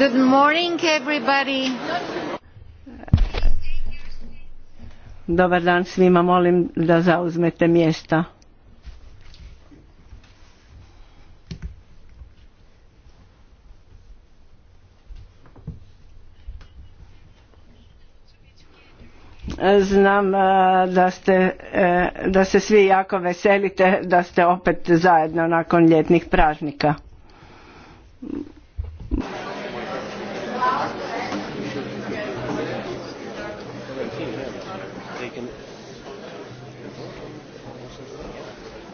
Good morning everybody. Dobar dan svima, molim da zauzmete mjesta. znam da, ste, e, da se svi jako veselite da ste opet zajedno nakon ljetnih praznika.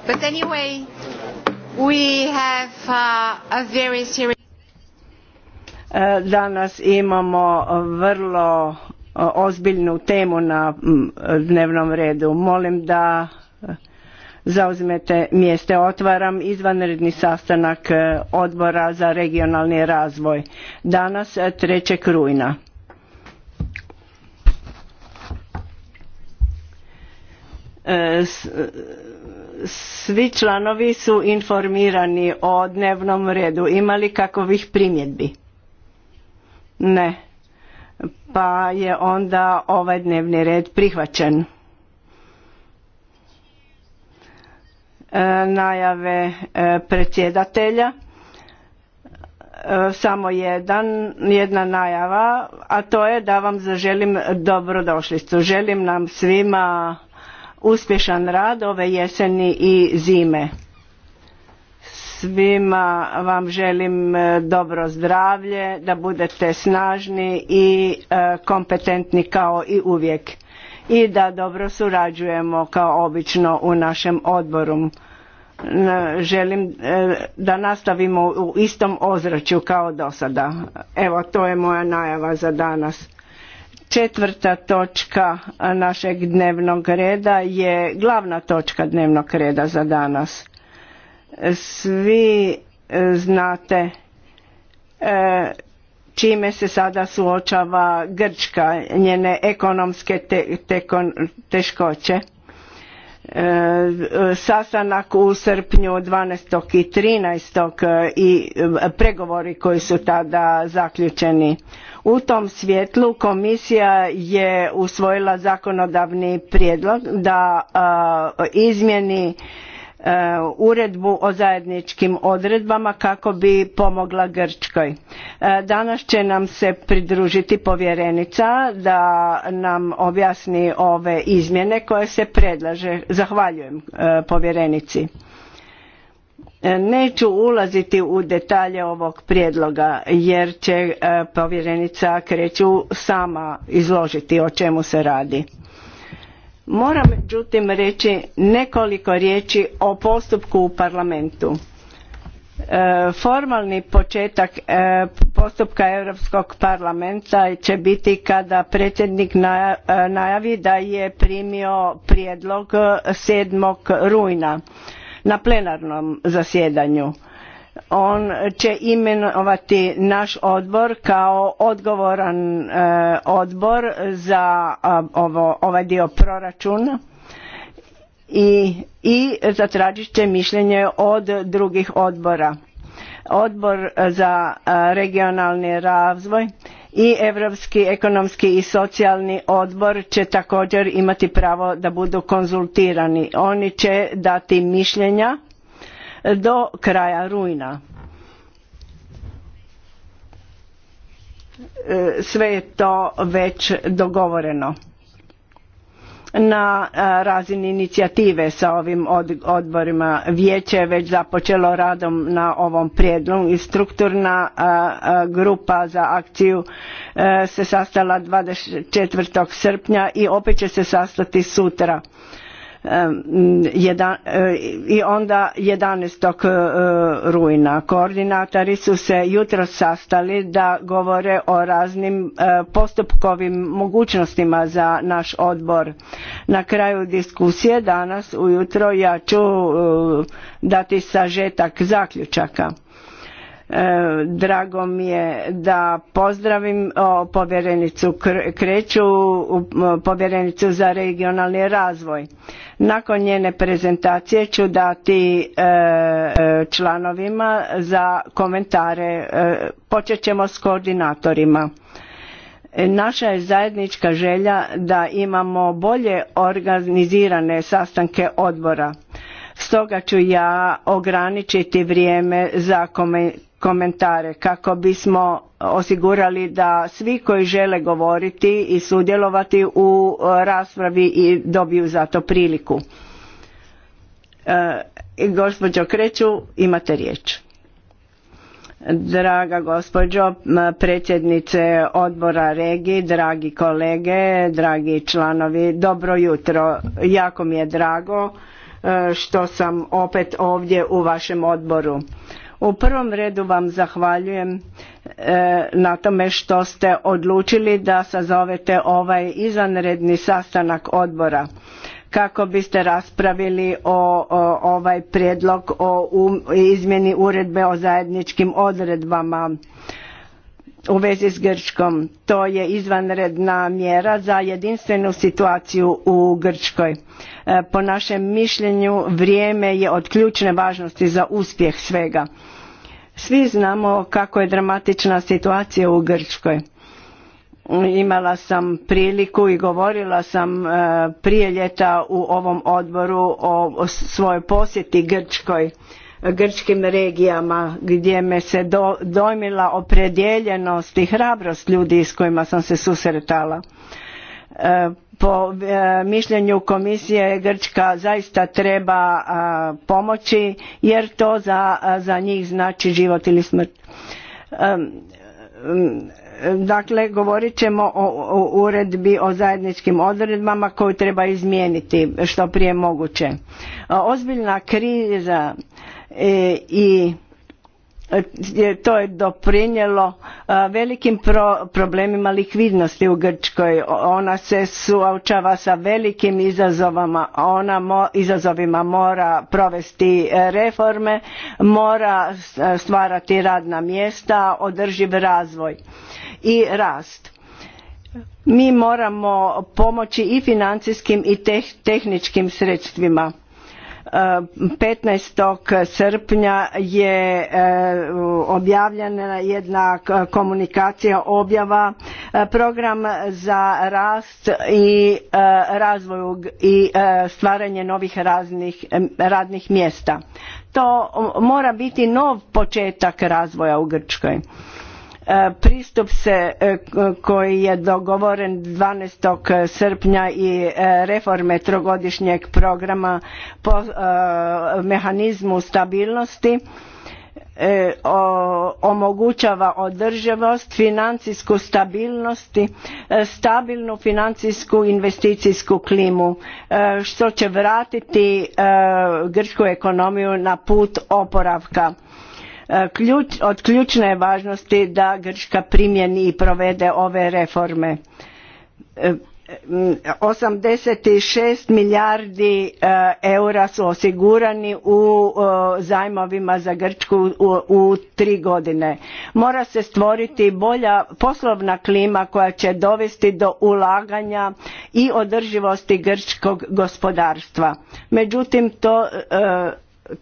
But anyway, we have uh, a very serious... E, danas imamo vrlo e, ozbiljnu temu na dnevnom redu. Molim da zauzmete mjeste. Otvaram izvanredni sastanak e, odbora za regionalni razvoj. Danas 3. rujna svi članovi su informirani o dnevnom redu. Ima li kakovih primjedbi? Ne. Pa je onda ovaj dnevni red prihvaćen. E, najave e, predsjedatelja. E, samo jedan, jedna najava, a to je da vam zaželim dobrodošlicu. Želim nam svima uspješan rad ove jeseni i zime. Svima vam želim e, dobro zdravlje, da budete snažni i e, kompetentni kao i uvijek i da dobro surađujemo kao obično u našem odboru. Želim e, da nastavimo u istom ozračju kao do sada. Evo, to je moja najava za danas. Četvrta točka našeg dnevnog reda je glavna točka dnevnog reda za danas. Svi e, znate e, čime se sada suočava Grčka, njene ekonomske teškoće. E, sastanak u srpnju 12. i 13. i pregovori koji su tada zaključeni u tom svjetlu komisija je usvojila zakonodavni prijedlog da izmjeni uredbu o zajedničkim odredbama kako bi pomogla Grčkoj. Danas će nam se pridružiti povjerenica da nam objasni ove izmjene koje se predlaže. Zahvaljujem povjerenici. E, neću ulaziti u detalje ovog prijedloga jer će e, povjerenica Kreću sama izložiti o čemu se radi. Moram međutim reći nekoliko riječi o postupku u parlamentu. E, formalni početak postupka Europskog parlamenta će biti kada predsjednik najavi da je primio prijedlog 7. rujna na plenarnom zasjedanju. On će imenovati naš odbor kao odgovoran eh, odbor za eh, ovo, ovaj dio proračuna i, i zatražit će mišljenje od drugih odbora. Odbor za eh, regionalni razvoj i Europski ekonomski i socijalni odbor će također imati pravo da budu konzultirani. Oni će dati mišljenja do kraja rujna. E, sve je to već dogovoreno na e, razini inicijative sa ovim odborima. Vijeće je već započelo radom na ovom prijedlogu i strukturna e, e, grupa za akciju se sastala 24. srpnja i opet će se sastati sutra E, i onda 11. E, rujna koordinatori su se jutro sastali da govore o raznim e, postupkovim mogućnostima za naš odbor. Na kraju diskusije danas ujutro ja ću dati sažetak zaključaka. E, drago mi je da pozdravim povjerenicu Kreću, povjerenicu za regionalni razvoj. Nakon njene prezentacije ću dati e, e, članovima za komentare. Počet ćemo s koordinatorima. Naša je zajednička želja da imamo bolje organizirane sastanke odbora. Stoga ću ja ograničiti vrijeme za komentare kako bismo osigurali da svi koji žele govoriti i sudjelovati u e, raspravi i dobiju za to priliku. E, gospođo Kreću, imate riječ. Draga gospođo predsjednice odbora regiji, dragi kolege, dragi članovi, dobro jutro. Jako mi je drago e, što sam opet ovdje u vašem odboru. U prvom redu vam zahvaljujem e, na tome što ste odlučili da sazovete ovaj izvanredni sastanak odbora kako biste raspravili o, ovaj prijedlog o um, izmjeni uredbe o zajedničkim odredbama u vezi s Grčkom. To je izvanredna mjera za jedinstvenu situaciju u Grčkoj. E, po našem mišljenju vrijeme je od ključne važnosti za uspjeh svega. Svi znamo kako je dramatična situacija u Grčkoj. Imala sam priliku i govorila sam e, prije ljeta u ovom odboru o svojoj posjeti Grčkoj grčkim regijama gdje me se do, dojmila opredjeljenost i hrabrost ljudi s kojima sam se susretala. E, po e, mišljenju komisije Grčka zaista treba e, pomoći jer to za, njih znači život ili smrt. dakle, govorit ćemo o, o uredbi o zajedničkim odredbama koju treba izmijeniti što prije moguće. Ozbiljna kriza E, i e, to je doprinijelo e, velikim problemima likvidnosti u Grčkoj. Ona se suočava sa velikim izazovima. ona izazovima mora provesti reforme, mora stvarati radna mjesta, održiv razvoj i rast. Mi moramo pomoći i financijskim i tehničkim sredstvima 15. srpnja je e, objavljena jedna komunikacija objava e, program za rast i e, razvoj i stvaranje novih raznih radnih mjesta. To mora biti nov početak razvoja u Grčkoj pristup se e, koji je dogovoren 12. srpnja i e, reforme trogodišnjeg programa po e, mehanizmu stabilnosti omogućava održivost, financijsku stabilnosti, stabilnu financijsku investicijsku klimu, što će vratiti grčku ekonomiju na put oporavka od ključne je važnosti da Grčka primjeni i provede ove reforme. 86 e, milijardi e, eura su osigurani u zajmovima za Grčku u, u tri godine. Mora se stvoriti bolja poslovna klima koja će dovesti do ulaganja i održivosti grčkog gospodarstva. Međutim, to e,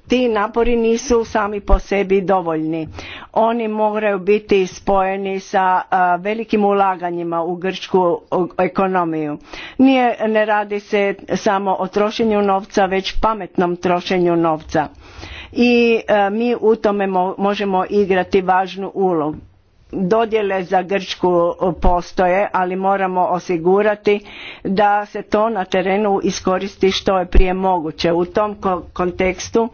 ti napori nisu sami po sebi dovoljni. Oni moraju biti spojeni sa velikim ulaganjima u grčku ekonomiju. Nije, ne radi se samo o trošenju novca, već pametnom trošenju novca. I mi u tome možemo igrati važnu ulogu dodjele za Grčku postoje, ali moramo osigurati da se to na terenu iskoristi što je prije moguće. U tom kontekstu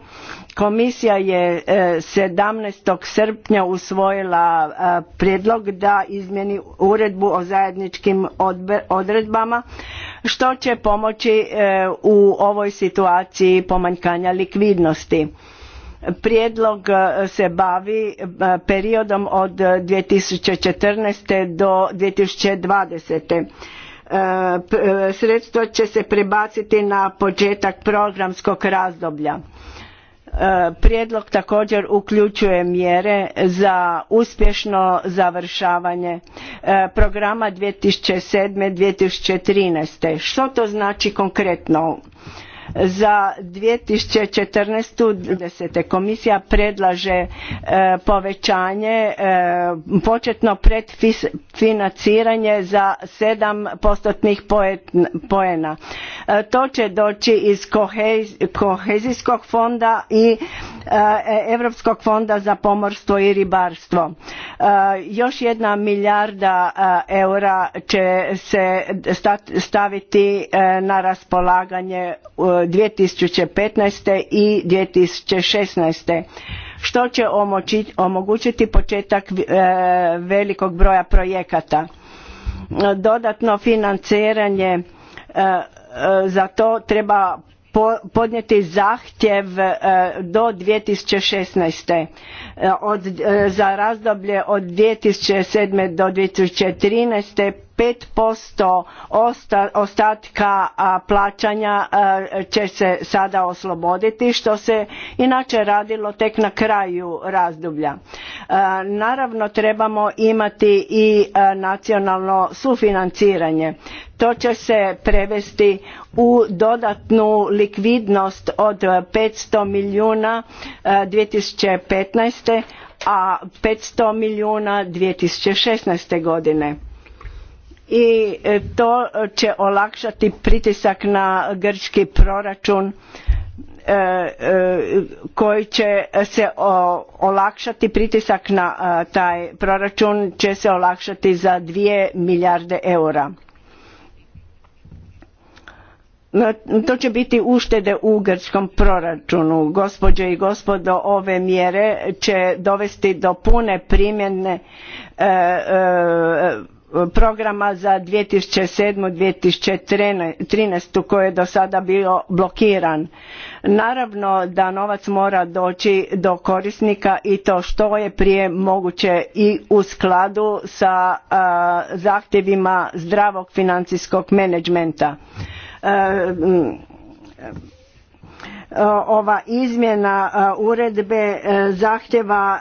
komisija je 17. E, srpnja usvojila e, prijedlog da izmjeni uredbu o zajedničkim odredbama što će pomoći e, u ovoj situaciji pomanjkanja likvidnosti. Prijedlog e, se bavi e, periodom od 2014. E, do 2020 Sredstvo će se prebaciti na početak programskog razdoblja. Prijedlog također uključuje mjere za uspješno završavanje programa 2007. 2013. Što to znači konkretno? Za 2014. twenty komisija predlaže e, povećanje e, početno predfinanciranje za 7 postotnih poena. E, to će doći iz kohezijskog fonda i Europskog fonda za pomorstvo i ribarstvo. Još jedna milijarda eura će se staviti na raspolaganje 2015. i 2016. što će omogućiti početak e, velikog broja projekata. Dodatno financiranje e, e, za to treba podnijeti zahtjev do 2016. Od, za razdoblje od 2007. do 2013. 5% ostatka plaćanja će se sada osloboditi što se inače radilo tek na kraju razdoblja. Naravno trebamo imati i nacionalno sufinanciranje. To će se prevesti u dodatnu likvidnost od 500 milijuna 2015. a 500 milijuna 2016. godine i e, to e, će olakšati pritisak na grčki proračun e, koji će se olakšati pritisak na taj proračun će se olakšati za dvije milijarde eura. To će biti uštede u grčkom proračunu. Gospođe i gospodo, ove mjere će dovesti do pune primjene programa za 2007. 2013. koji je do sada bio blokiran. Naravno da novac mora doći do korisnika i to što je prije moguće i u skladu sa zahtjevima zdravog financijskog menadžmenta. Eh, ova izmjena eh, uredbe eh, zahtjeva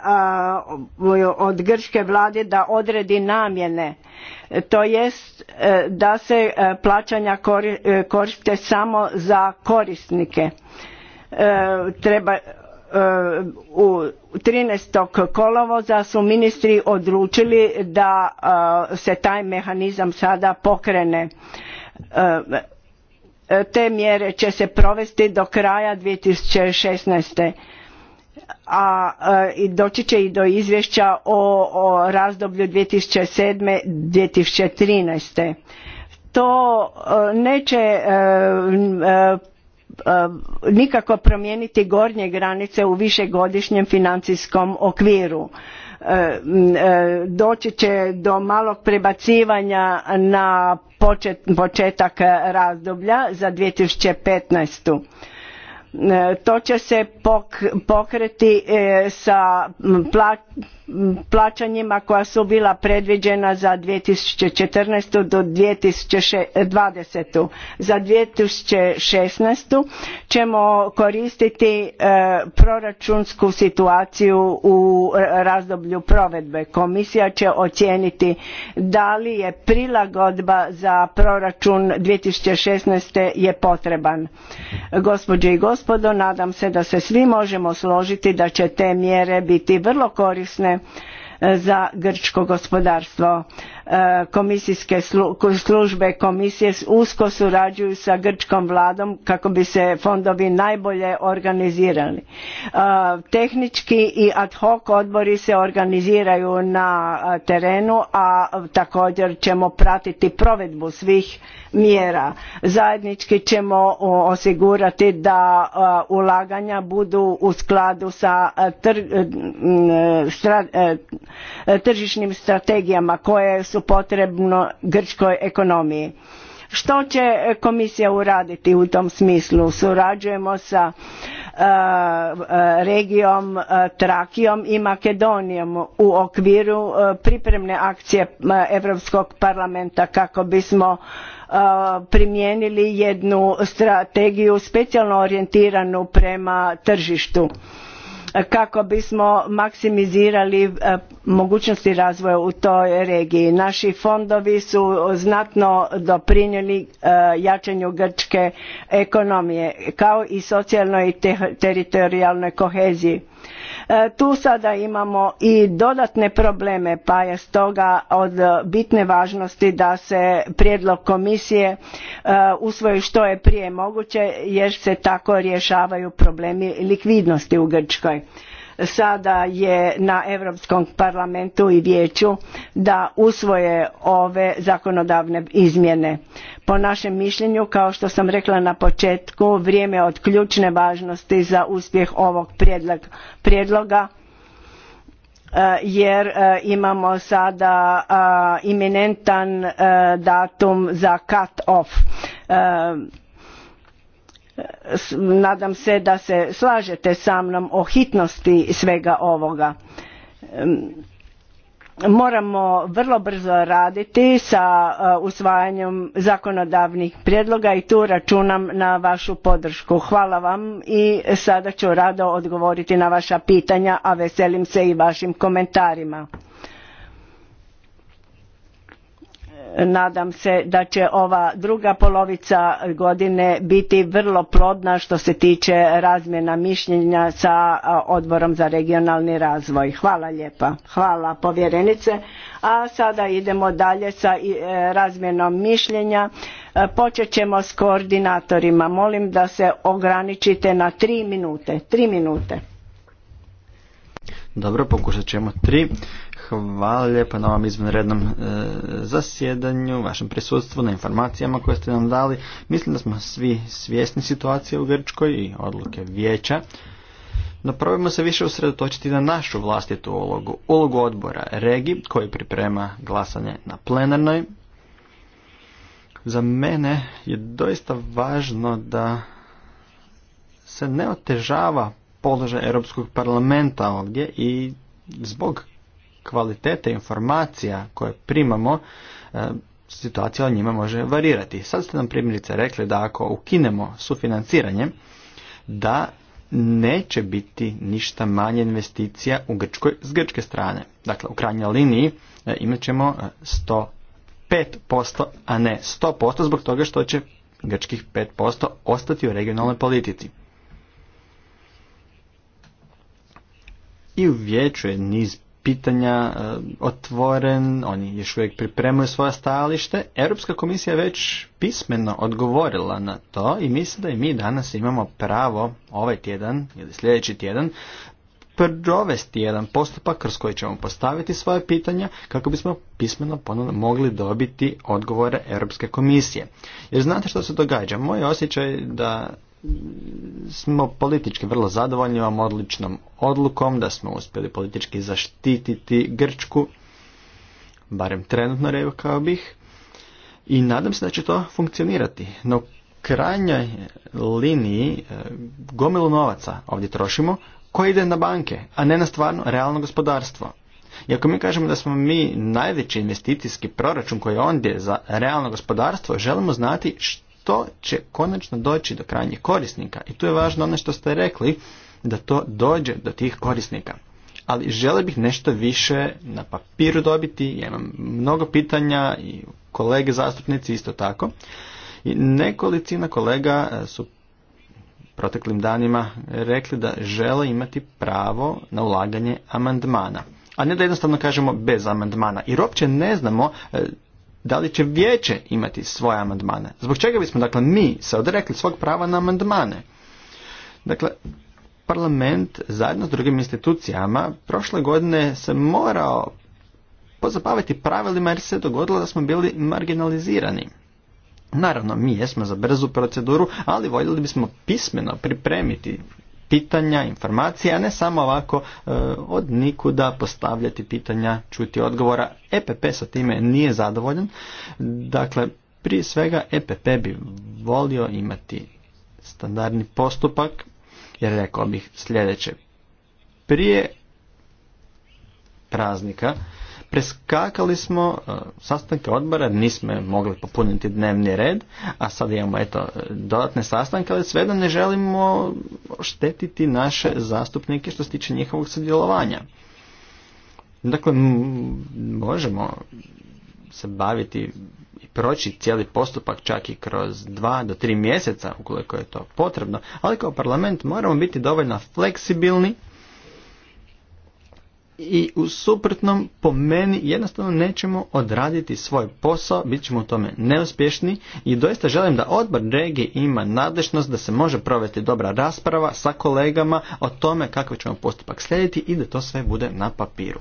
od grčke vlade da odredi namjene to jest da se plaćanja koriste samo za korisnike treba u 13. kolovoza su ministri odlučili da se taj mehanizam sada pokrene E, te mjere će se provesti do kraja 2016. a e, i doći će i do izvješća o, o razdoblju 2007. 2013. To e, neće nikako promijeniti gornje granice u višegodišnjem financijskom okviru E, e, doći će do malog prebacivanja na početak razdoblja za 2015 e, to će se pokreti sa plaćanjima koja su bila predviđena za 2014. do 2020. Za 2016. ćemo koristiti e, proračunsku situaciju u razdoblju provedbe. Komisija će ocijeniti da li je prilagodba za proračun 2016. je potreban. Gospođe i gospodo, nadam se da se svi možemo složiti da će te mjere biti vrlo korisne za grčko gospodarstvo E, komisijske službe komisije usko surađuju sa grčkom vladom kako bi se fondovi najbolje organizirali. E, tehnički i ad hoc odbori se organiziraju na e, terenu, a također ćemo pratiti provedbu svih mjera. Zajednički ćemo osigurati da ulaganja budu u skladu sa tržišnim strategijama koje su potrebno grčkoj ekonomiji. Što će komisija uraditi u tom smislu? Surađujemo sa e, e, regijom e, Trakijom i Makedonijom u okviru pripremne akcije Europskog parlamenta kako bismo primijenili jednu strategiju specijalno orijentiranu prema tržištu kako bismo maksimizirali mogućnosti razvoja u toj regiji. Naši fondovi su znatno doprinijeli e, jačanju grčke ekonomije kao i socijalnoj i teritorijalnoj koheziji. E, tu sada imamo i dodatne probleme pa je stoga od bitne važnosti da se prijedlog komisije e, usvoji što je prije moguće jer se tako rješavaju problemi likvidnosti u Grčkoj. Sada je na Europskom parlamentu i vijeću da usvoje ove zakonodavne izmjene. Po našem mišljenju, kao što sam rekla na početku, vrijeme od ključne važnosti za uspjeh ovog prijedloga e, jer e, imamo sada iminentan e, datum za cut off nadam se da se slažete sa mnom o hitnosti svega ovoga moramo vrlo brzo raditi sa usvajanjem zakonodavnih prijedloga i tu računam na vašu podršku. Hvala vam i sada ću rado odgovoriti na vaša pitanja, a veselim se i vašim komentarima. nadam se da će ova druga polovica godine biti vrlo plodna što se tiče razmjena mišljenja sa odborom za regionalni razvoj. Hvala lijepa. Hvala povjerenice. A sada idemo dalje sa e, razmjenom mišljenja. E, počet ćemo s koordinatorima. Molim da se ograničite na tri minute. Tri minute. Dobro, pokušat ćemo tri. Hvala lijepa na ovom izvanrednom e, zasjedanju, vašem prisustvu, na informacijama koje ste nam dali. Mislim da smo svi svjesni situacije u Grčkoj i odluke vijeća. No probajmo se više usredotočiti na našu vlastitu ulogu, ulogu odbora Regi koji priprema glasanje na plenarnoj. Za mene je doista važno da se ne otežava položaj Europskog parlamenta ovdje i zbog kvalitete informacija koje primamo, e, situacija o njima može varirati. Sad ste nam primjerice rekli da ako ukinemo sufinanciranje, da neće biti ništa manje investicija u Grčkoj s grčke strane. Dakle, u krajnjoj liniji e, imat ćemo 105%, e, a ne 100% zbog toga što će grčkih 5% ostati u regionalnoj politici. I u vijeću je niz pitanja e, otvoren, oni još uvijek pripremaju svoje stajalište. Europska komisija već pismeno odgovorila na to i mislim da i mi danas imamo pravo ovaj tjedan ili sljedeći tjedan provesti jedan postupak kroz koji ćemo postaviti svoje pitanja kako bismo pismeno ponovno mogli dobiti odgovore Europske komisije. Jer znate što se događa? Moj osjećaj da smo politički vrlo zadovoljni ovom odličnom odlukom, da smo uspjeli politički zaštititi Grčku, barem trenutno rekao bih, i nadam se da će to funkcionirati. No u krajnjoj liniji e, gomilu novaca ovdje trošimo koji ide na banke, a ne na stvarno realno gospodarstvo. I ako mi kažemo da smo mi najveći investicijski proračun koji je ondje za realno gospodarstvo, želimo znati što to će konačno doći do krajnjih korisnika. I tu je važno ono što ste rekli, da to dođe do tih korisnika. Ali žele bih nešto više na papiru dobiti, ja imam mnogo pitanja i kolege zastupnici isto tako. I nekolicina kolega e, su proteklim danima rekli da žele imati pravo na ulaganje amandmana. A ne da jednostavno kažemo bez amandmana. Jer uopće ne znamo e, da li će vijeće imati svoje amandmane. Zbog čega bismo, dakle, mi se odrekli svog prava na amandmane? Dakle, parlament zajedno s drugim institucijama prošle godine se morao pozabaviti pravilima jer se dogodilo da smo bili marginalizirani. Naravno, mi jesmo za brzu proceduru, ali voljeli bismo pismeno pripremiti pitanja, informacija, a ne samo ovako e, od nikuda postavljati pitanja, čuti odgovora. EPP sa time nije zadovoljan. Dakle, prije svega EPP bi volio imati standardni postupak, jer rekao bih sljedeće. Prije praznika Preskakali smo e, sastanke odbora, nismo mogli popuniti dnevni red, a sad imamo eto dodatne sastanke, ali sve da ne želimo štetiti naše zastupnike što se tiče njihovog sudjelovanja. Dakle, možemo se baviti i proći cijeli postupak čak i kroz dva do tri mjeseca ukoliko je to potrebno, ali kao parlament moramo biti dovoljno fleksibilni i u suprotnom po meni jednostavno nećemo odraditi svoj posao, bit ćemo u tome neuspješni i doista želim da odbor regije ima nadležnost da se može provesti dobra rasprava sa kolegama o tome kakav ćemo postupak slijediti i da to sve bude na papiru.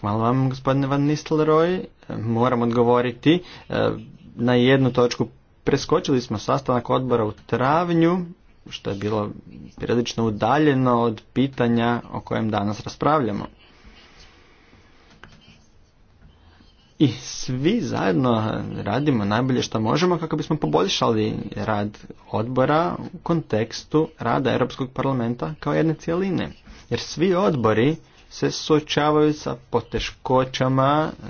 Hvala vam gospodine Van Nistelrooy, moram odgovoriti e, na jednu točku. Preskočili smo sastanak odbora u travnju, što je bilo prilično udaljeno od pitanja o kojem danas raspravljamo. I svi zajedno radimo najbolje što možemo kako bismo poboljšali rad odbora u kontekstu rada Europskog parlamenta kao jedne cijeline. Jer svi odbori se suočavaju sa poteškoćama e,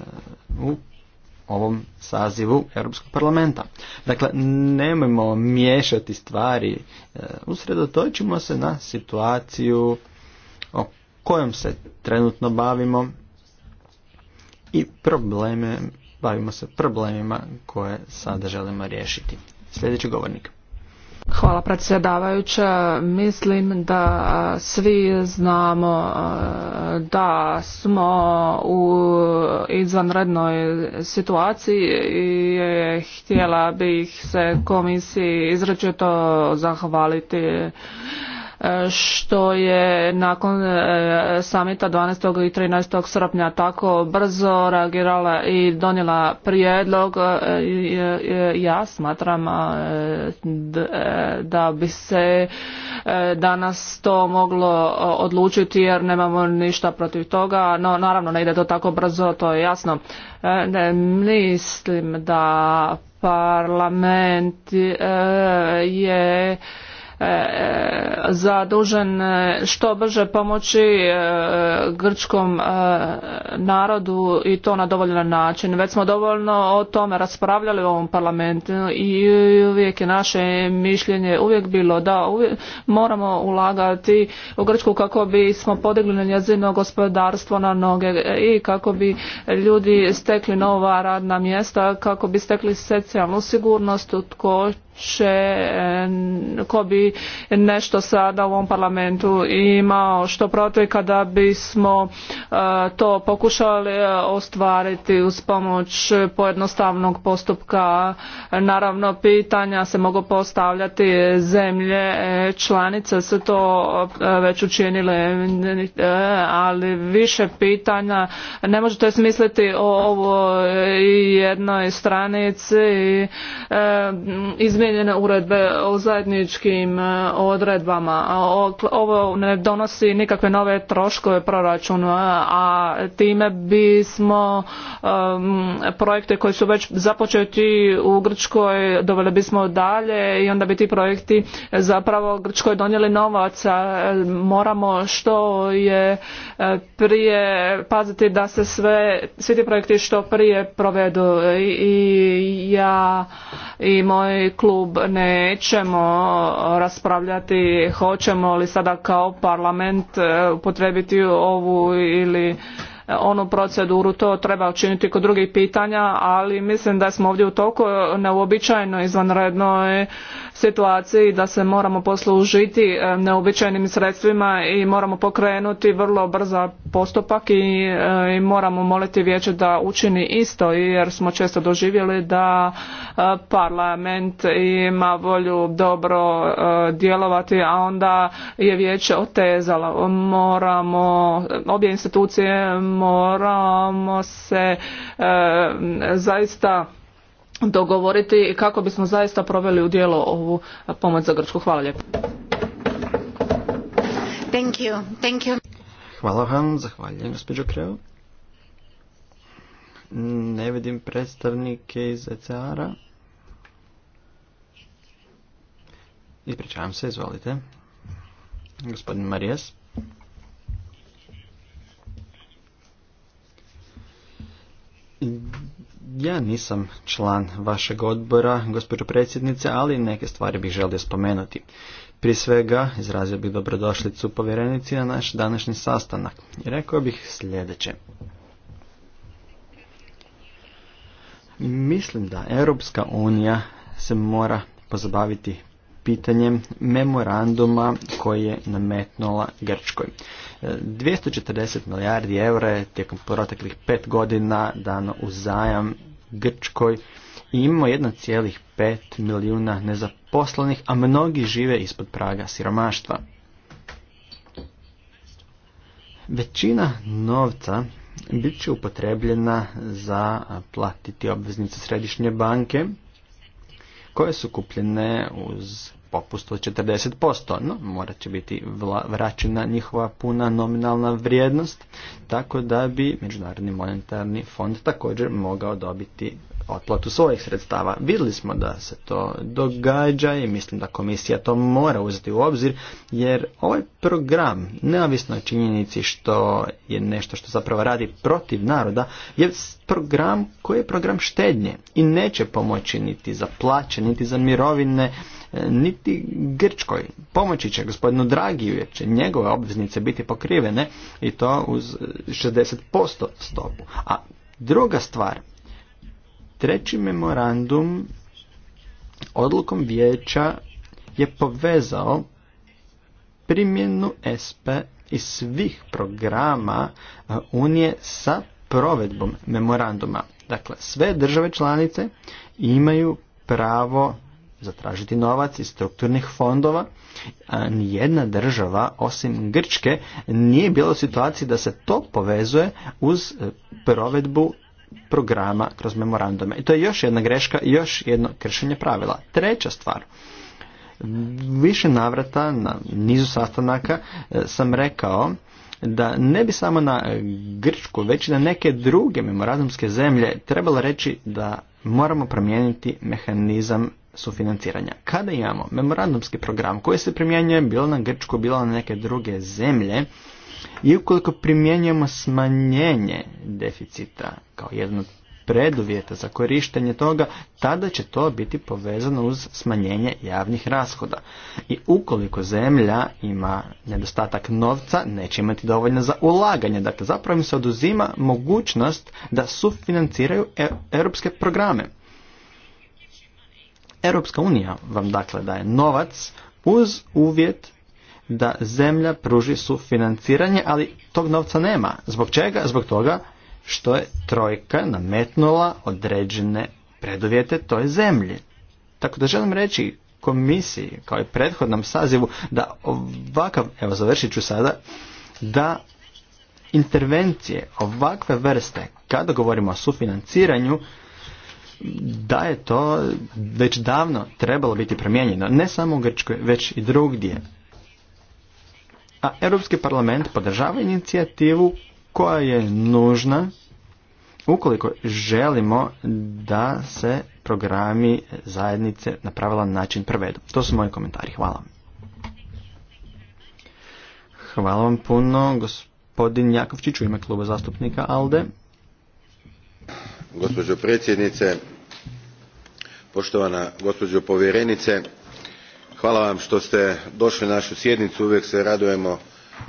u ovom sazivu Europskog parlamenta. Dakle, nemojmo miješati stvari, e, usredotočimo se na situaciju o kojom se trenutno bavimo i probleme, bavimo se problemima koje sada želimo riješiti. Sljedeći govornik. Hvala predsjedavajuća. Mislim da svi znamo da smo u izvanrednoj situaciji i htjela bih se komisiji izrečito zahvaliti što je nakon e, samita 12. i 13. srpnja tako brzo reagirala i donijela prijedlog e, e, ja smatram da bi se danas to moglo odlučiti jer nemamo ništa protiv toga no naravno ne ide to tako brzo to je jasno ne, mislim da parlament je zadužen e, što brže pomoći e, grčkom e, narodu i to na dovoljan način. Već smo dovoljno o tome raspravljali u ovom parlamentu i uvijek je naše mišljenje uvijek bilo da moramo ulagati u Grčku kako bi smo podigli njezino gospodarstvo na noge i kako bi ljudi stekli nova radna mjesta, kako bi stekli socijalnu sigurnost tko će, ko bi nešto sada u ovom parlamentu imao što protiv kada bismo e, to pokušali e, ostvariti uz pomoć pojednostavnog postupka. Naravno, pitanja se mogu postavljati zemlje e, članice su to već učinile, ali više pitanja ne možete smisliti o ovoj jednoj stranici izmijenjene uredbe o zajedničkim E, odredbama. Ovo ne donosi nikakve nove troškove proračunu, a time bismo e, projekte koji su već započeti u Grčkoj doveli bismo dalje i onda bi ti projekti zapravo Grčkoj donijeli novaca. Moramo što je e, prije paziti da se sve, svi ti projekti što prije provedu i, i ja i moj klub nećemo raspravljati hoćemo li sada kao parlament e, upotrebiti ovu ili e, onu proceduru, to treba učiniti kod drugih pitanja, ali mislim da smo ovdje u toliko neuobičajeno izvanredno situaciji da se moramo poslužiti e, neobičajnim sredstvima i moramo pokrenuti vrlo brza postupak i, e, i moramo moliti vijeće da učini isto jer smo često doživjeli da e, parlament ima volju dobro djelovati a onda je vijeće otezalo moramo obje institucije moramo se zaista dogovoriti kako bismo zaista proveli u djelo ovu pomoć za Grčku. Hvala lijepo. Thank you. Thank you. Hvala vam, zahvaljujem gospođo Kreo. Ne vidim predstavnike iz ECR-a. Ispričavam se, izvolite. Gospodin Marijas. Ja nisam član vašeg odbora, gospođo predsjednice, ali neke stvari bih želio spomenuti. Prije svega, izrazio bih dobrodošlicu povjerenici na naš današnji sastanak i rekao bih sljedeće. Mislim da Europska unija se mora pozabaviti pitanjem memoranduma koji je nametnula Grčkoj. 240 e, milijardi eura je tijekom proteklih pet godina dano u zajam Grčkoj i imamo 1,5 milijuna nezaposlenih, a mnogi žive ispod praga siromaštva. Većina novca bit će upotrebljena za platiti obveznice središnje banke koje su kupljene uz popust od 40%, no morat će biti vraćena njihova puna nominalna vrijednost, tako da bi Međunarodni monetarni fond također mogao dobiti otplatu svojih sredstava. Vidjeli smo da se to događa i mislim da komisija to mora uzeti u obzir jer ovaj program, neovisno o činjenici što je nešto što zapravo radi protiv naroda, je program koji je program štednje i neće pomoći niti za plaće, niti za mirovine, niti Grčkoj. Pomoći će gospodinu Dragiju jer će njegove obveznice biti pokrivene i to uz 60% stopu. A druga stvar, treći memorandum odlukom vijeća je povezao primjenu SP i svih programa e, Unije sa provedbom memoranduma. Dakle, sve države članice imaju pravo zatražiti novac iz strukturnih fondova. A nijedna država, osim Grčke, nije bila u situaciji da se to povezuje uz e, provedbu programa kroz memorandume. I to je još jedna greška i još jedno kršenje pravila. Treća stvar. Više navrata na nizu sastanaka e, sam rekao da ne bi samo na Grčku, već i na neke druge memorandumske zemlje trebalo reći da moramo promijeniti mehanizam sufinanciranja. Kada imamo memorandumski program koji se primjenjuje bilo na Grčku, bilo na neke druge zemlje, i ukoliko primjenjujemo smanjenje deficita kao jedan preduvjeta za korištenje toga, tada će to biti povezano uz smanjenje javnih rashoda. I ukoliko zemlja ima nedostatak novca, neće imati dovoljno za ulaganje. Dakle, zapravo im se oduzima mogućnost da sufinanciraju e- europske programe. Europska unija vam dakle daje novac uz uvjet da zemlja pruži sufinanciranje, ali tog novca nema. Zbog čega? Zbog toga što je trojka nametnula određene preduvjete toj zemlji. Tako da želim reći komisiji, kao i prethodnom sazivu, da ovakav, evo završit ću sada, da intervencije ovakve vrste, kada govorimo o sufinanciranju, da je to već davno trebalo biti promijenjeno, ne samo u Grčkoj, već i drugdje. A Europski parlament podržava inicijativu koja je nužna ukoliko želimo da se programi zajednice na pravilan način prevedu. To su moji komentari. Hvala. Hvala vam puno. Gospodin Jakovčić u ime kluba zastupnika ALDE gospođo predsjednice poštovana gospođo povjerenice hvala vam što ste došli na našu sjednicu uvijek se radujemo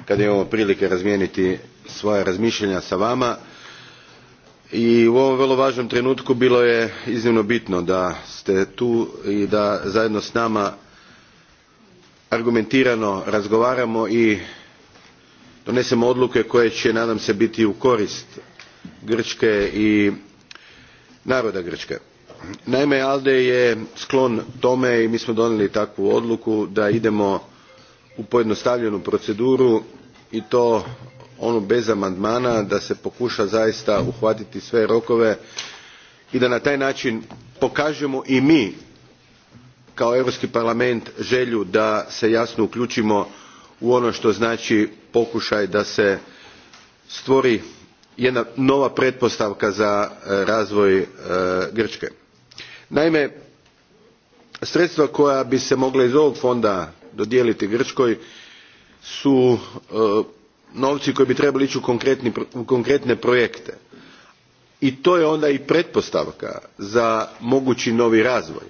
kada imamo prilike razmijeniti svoja razmišljanja sa vama i u ovom vrlo važnom trenutku bilo je iznimno bitno da ste tu i da zajedno s nama argumentirano razgovaramo i donesemo odluke koje će nadam se biti u korist grčke i naroda grčke. naime alde je sklon tome i mi smo donijeli takvu odluku da idemo u pojednostavljenu proceduru i to onu bez amandmana da se pokuša zaista uhvatiti sve rokove i da na taj način pokažemo i mi kao europski parlament želju da se jasno uključimo u ono što znači pokušaj da se stvori jedna nova pretpostavka za e, razvoj e, grčke. naime sredstva koja bi se mogla iz ovog fonda dodijeliti grčkoj su e, novci koji bi trebali ići u konkretne projekte i to je onda i pretpostavka za mogući novi razvoj.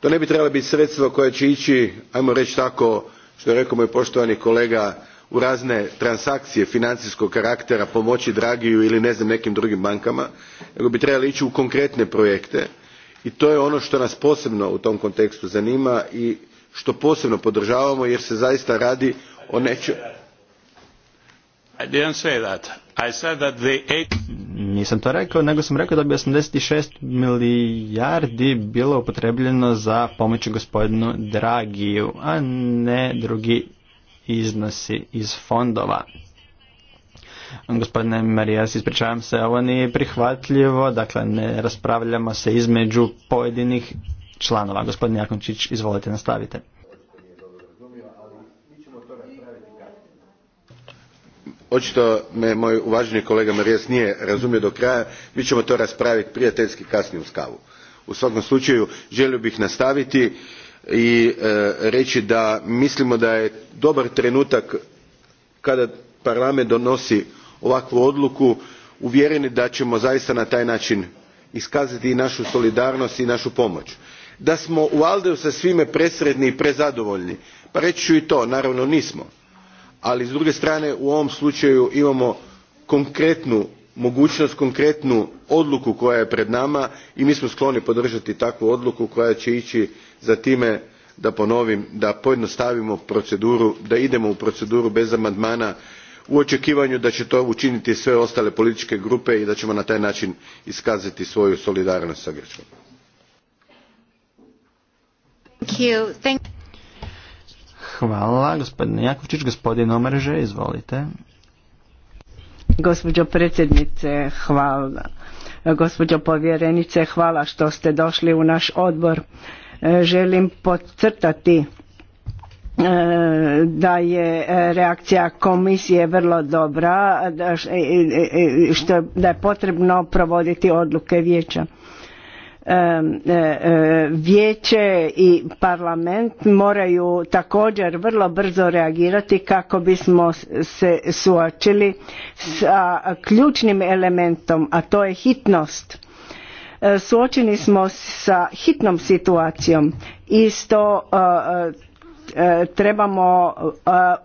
to ne bi trebala biti sredstva koja će ići ajmo reći tako što je rekao moj poštovani kolega u razne transakcije financijskog karaktera pomoći dragiju ili ne znam nekim drugim bankama nego bi trebali ići u konkretne projekte i to je ono što nas posebno u tom kontekstu zanima i što posebno podržavamo jer se zaista radi o nečemu nisam to rekao, nego sam rekao da bi 86 milijardi bilo upotrebljeno za pomoć gospodinu Dragiju, a ne drugi iznosi iz fondova. Gospodine Marijas, ispričavam se, ovo nije prihvatljivo, dakle ne raspravljamo se između pojedinih članova. Gospodin Jakončić, izvolite, nastavite. Očito me moj uvaženi kolega Marijas nije razumio do kraja, mi ćemo to raspraviti prijateljski kasnije u skavu. U svakom slučaju želio bih nastaviti i e, reći da mislimo da je dobar trenutak kada parlament donosi ovakvu odluku uvjereni da ćemo zaista na taj način iskazati i našu solidarnost i našu pomoć. da smo u aldeu sa svime presretni i prezadovoljni pa reći ću i to naravno nismo ali s druge strane u ovom slučaju imamo konkretnu mogućnost konkretnu odluku koja je pred nama i mi smo skloni podržati takvu odluku koja će ići za time da ponovim da pojednostavimo proceduru da idemo u proceduru bez amandmana u očekivanju da će to učiniti sve ostale političke grupe i da ćemo na taj način iskazati svoju solidarnost s grčkom. gospodine izvolite. Gospođo predsjednice, hvala. Gospođo povjerenice, hvala što ste došli u naš odbor. E, želim podcrtati e, da je reakcija komisije vrlo dobra, što da je potrebno provoditi odluke vijeća E, e, vijeće i parlament moraju također vrlo brzo reagirati kako bismo se suočili sa ključnim elementom a to je hitnost e, suočeni smo sa hitnom situacijom isto E, trebamo e,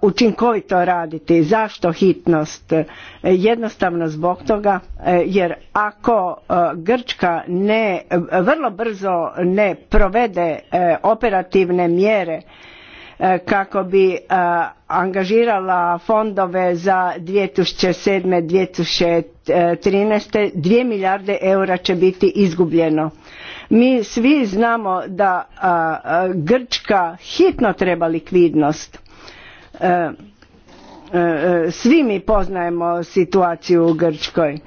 učinkovito raditi. Zašto hitnost? E, jednostavno zbog toga jer ako Grčka ne vrlo brzo ne provede operativne mjere kako bi angažirala fondove za 2007. 2013. 2 milijarde eura će biti izgubljeno mi svi znamo da Grčka hitno treba likvidnost. E, e, e, svi mi poznajemo situaciju u Grčkoj.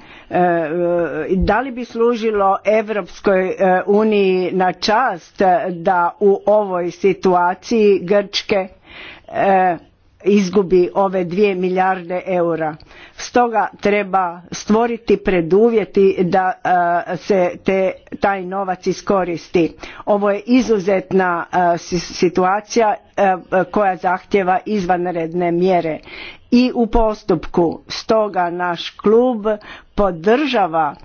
Da li bi služilo Europskoj uniji na čast da u ovoj situaciji Grčke izgubi ove dvije milijarde eura. Stoga treba stvoriti preduvjeti da e, se te, taj novac iskoristi. Ovo je izuzetna e, situacija e, koja zahtjeva izvanredne mjere i u postupku. Stoga naš klub podržava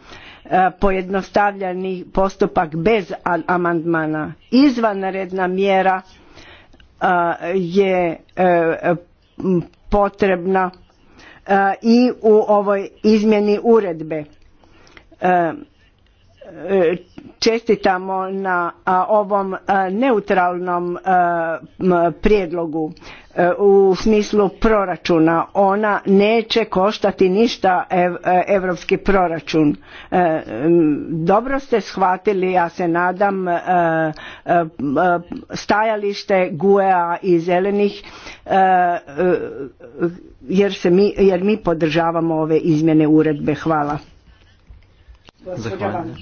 pojednostavljeni postupak bez amandmana. Izvanredna mjera je e, potrebna e, i u ovoj izmjeni uredbe. E, čestitamo na ovom neutralnom prijedlogu. E, u smislu proračuna. Ona neće koštati ništa europski e, proračun. E, dobro ste shvatili, ja se nadam, stajalište GUEA i zelenih jer, mi, jer mi podržavamo ove izmjene uredbe. Hvala. Zahvaljujem.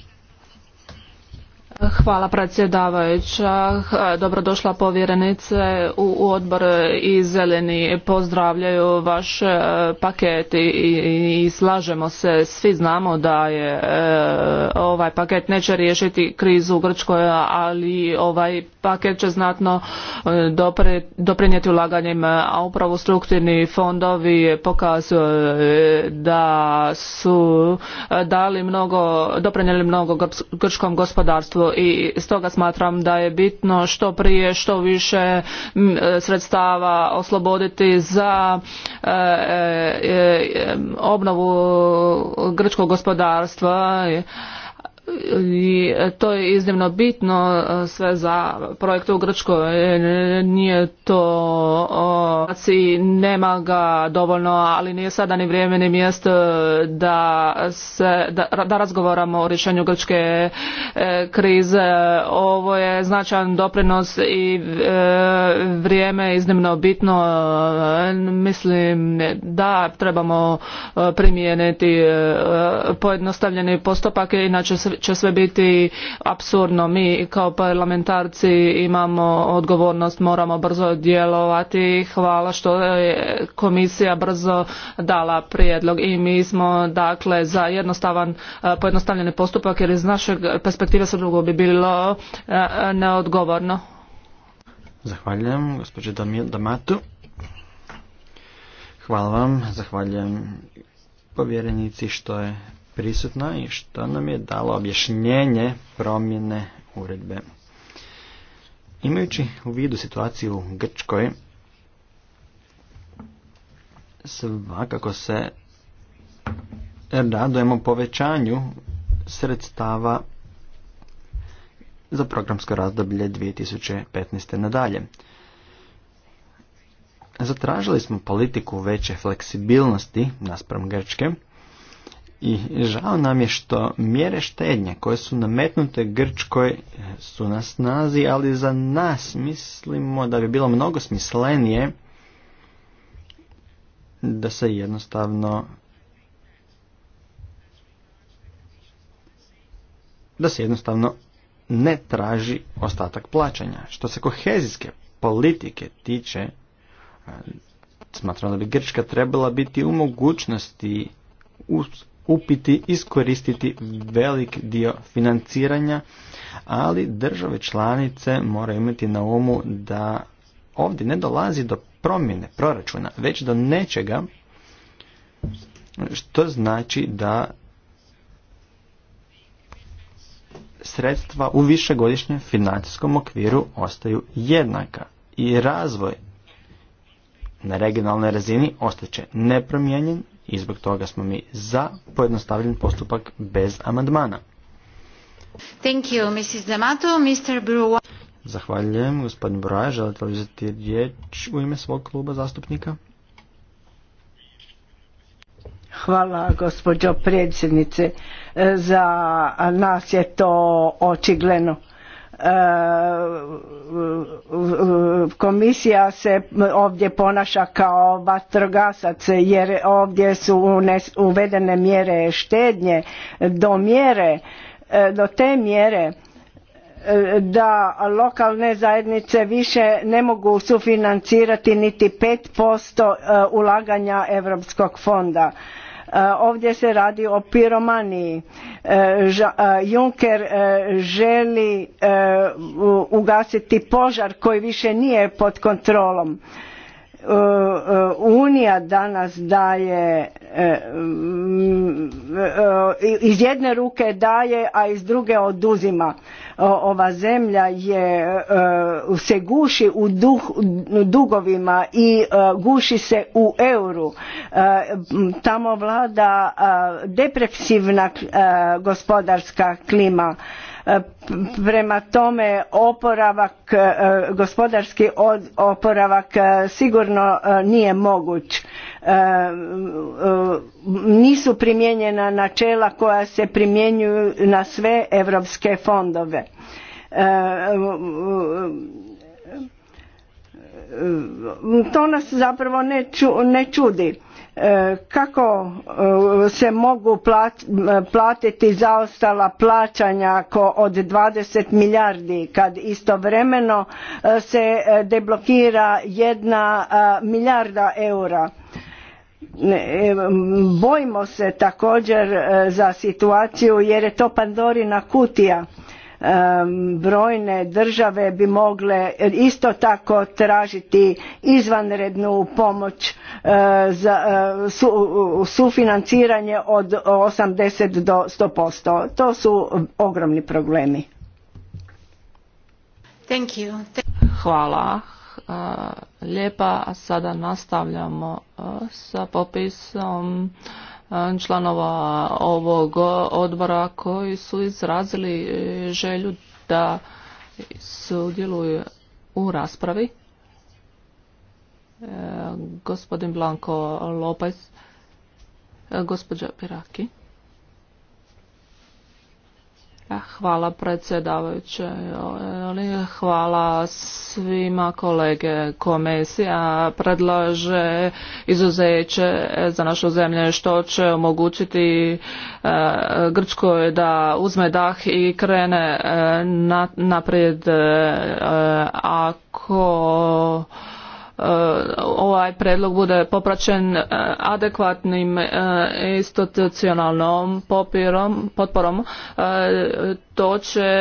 Hvala predsjedavajuća. E, dobrodošla povjerenice u odbor i zeleni pozdravljaju vaš e, paket i slažemo se. Svi znamo da je e, ovaj paket neće riješiti krizu u Grčkoj, ali ovaj paket će znatno doprinijeti ulaganjima, a upravo strukturni fondovi pokazuju da su dali mnogo, doprinijeli mnogo grčkom gospodarstvu i stoga smatram da je bitno što prije što više e, sredstava osloboditi za e, e, obnovu grčkog gospodarstva i to je iznimno bitno e, sve za projekte u Grčkoj. E, nije to nema ga dovoljno, ali nije sada ni vrijeme ni mjesto da se da, razgovaramo o rješenju grčke e, krize. Ovo je značajan doprinos i vrijeme je iznimno bitno. Mislim da trebamo primijeniti pojednostavljeni postupak inače se će sve biti apsurdno. Mi kao parlamentarci imamo odgovornost, moramo brzo djelovati. Hvala što je komisija brzo dala prijedlog i mi smo dakle za jednostavan e, pojednostavljeni postupak jer iz našeg perspektive se drugo bi bilo e, neodgovorno. Zahvaljujem gospođe Damatu. Hvala vam, zahvaljujem povjerenici što je prisutna i što nam je dalo objašnjenje promjene uredbe. Imajući u vidu situaciju u Grčkoj, svakako se radujemo povećanju sredstava za programsko razdoblje 2015. nadalje. Zatražili smo politiku veće fleksibilnosti naspram Grčke, i žao nam je što mjere štednje koje su nametnute Grčkoj eh, su na snazi, ali za nas mislimo da bi bilo mnogo smislenije da se jednostavno da se jednostavno ne traži ostatak plaćanja. Što se kohezijske politike tiče, eh, smatram da bi Grčka trebala biti u mogućnosti upiti iskoristiti velik dio financiranja, ali države članice moraju imati na umu da ovdje ne dolazi do promjene proračuna, već do nečega što znači da sredstva u višegodišnjem financijskom okviru ostaju jednaka i razvoj na regionalnoj razini ostaće nepromijenjen i zbog toga smo mi za pojednostavljen postupak bez amandmana. Thank you, Mrs. D'Amato. Mr. Brua. Zahvaljujem, gospodin Broja. Želite li uzeti riječ u ime svog kluba zastupnika? Hvala, gospođo predsjednice. E, za nas je to očigledno. E, komisija se ovdje ponaša kao vatrogasac jer ovdje su uvedene mjere štednje do mjere e, do te mjere e, da lokalne zajednice više ne mogu sufinancirati niti 5% e, ulaganja europskog fonda E, ovdje se radi o piromaniji. E, e, Juncker želi ugasiti požar koji više nije pod kontrolom. Unija danas daje iz jedne ruke daje, a iz druge oduzima ova zemlja je e, se guši u dugovima i e, guši se u euru e, tamo vlada depresivna gospodarska klima prema tome oporavak gospodarski oporavak sigurno nije moguć E, e, nisu primijenjena načela koja se primjenjuju na sve europske fondove e, to nas zapravo ne, ču, ne čudi kako se mogu platiti zaostala plaćanja od 20 milijardi kad istovremeno se deblokira jedna milijarda eura Bojimo se također e, za situaciju jer je to Pandorina kutija. Brojne države bi mogle isto tako tražiti izvanrednu pomoć e, za e, sufinanciranje od 80 do 100%. To su ogromni problemi. Thank you. Hvala lijepa. A sada nastavljamo sa popisom članova ovog odbora koji su izrazili e, želju da sudjeluju u raspravi. E, gospodin Blanko Lopez, e, gospođa Piraki. Hvala predsjedavajuće, hvala svima kolege komisija predlaže izuzeće za našu zemlju što će omogućiti e, Grčkoj da uzme dah i krene e, naprijed e, ako E, ovaj predlog bude popraćen e, adekvatnim e, institucionalnom popirom, potporom to će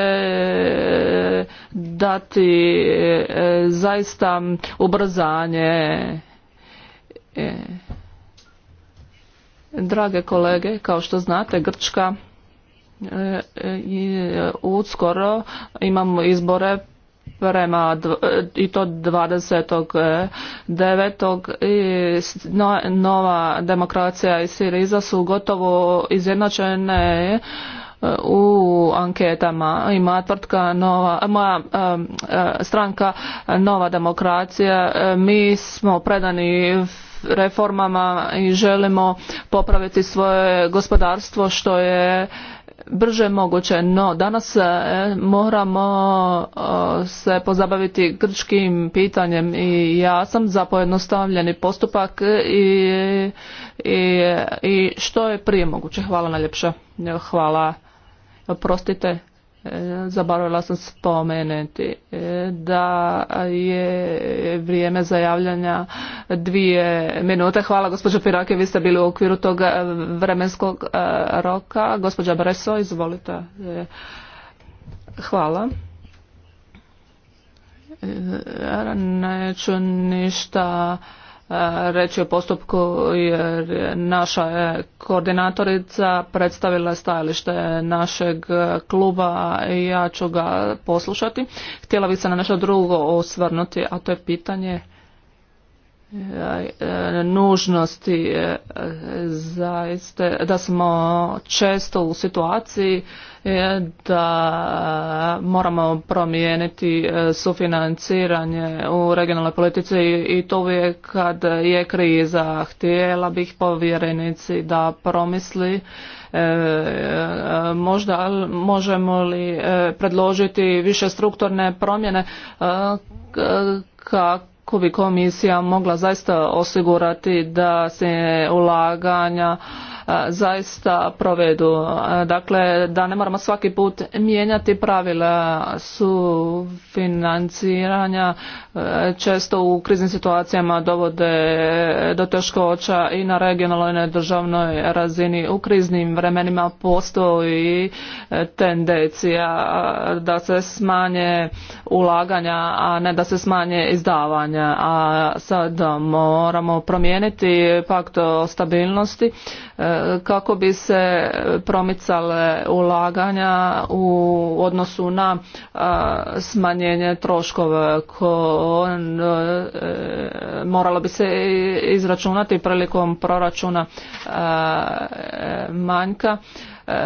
dati zaista ubrzanje drage kolege kao što znate Grčka uskoro imamo izbore prema e, i to 29. E, i nova demokracija i Siriza su gotovo izjednačene e, u anketama ima tvrtka nova moja stranka nova demokracija mi smo predani reformama i želimo popraviti svoje gospodarstvo što je brže moguće, no danas e, moramo e, se pozabaviti grčkim pitanjem i ja sam za pojednostavljeni postupak i, i, što je prije moguće. Hvala najljepša. Hvala. Prostite zaboravila sam spomenuti e, da je vrijeme za javljanja dvije minute. Hvala gospođo Pirake, vi ste bili u okviru tog e, vremenskog e, roka. Gospođa Breso, izvolite. Hvala. Neću ništa reći o postupku jer naša e, koordinatorica predstavila stajalište našeg e, kluba i ja ću ga poslušati. Htjela bih se na nešto drugo osvrnuti, a to je pitanje e, nužnosti zaista da smo često u situaciji da moramo promijeniti e, sufinanciranje u regionalnoj politici i to uvijek kad je kriza. Htjela bih povjerenici da promisli e, možda možemo li e, predložiti više strukturne promjene kako bi komisija mogla zaista osigurati da se ulaganja zaista provedu. Dakle, da ne moramo svaki put mijenjati pravila su financiranja e, često u kriznim situacijama dovode do teškoća i na regionalnoj i državnoj razini. U kriznim vremenima postoji e, tendencija da se smanje ulaganja, a ne da se smanje izdavanja. A sad moramo promijeniti pakto o stabilnosti e, kako bi se promicale ulaganja u odnosu na smanjenje troškova e, moralo bi se izračunati prilikom proračuna manjka e,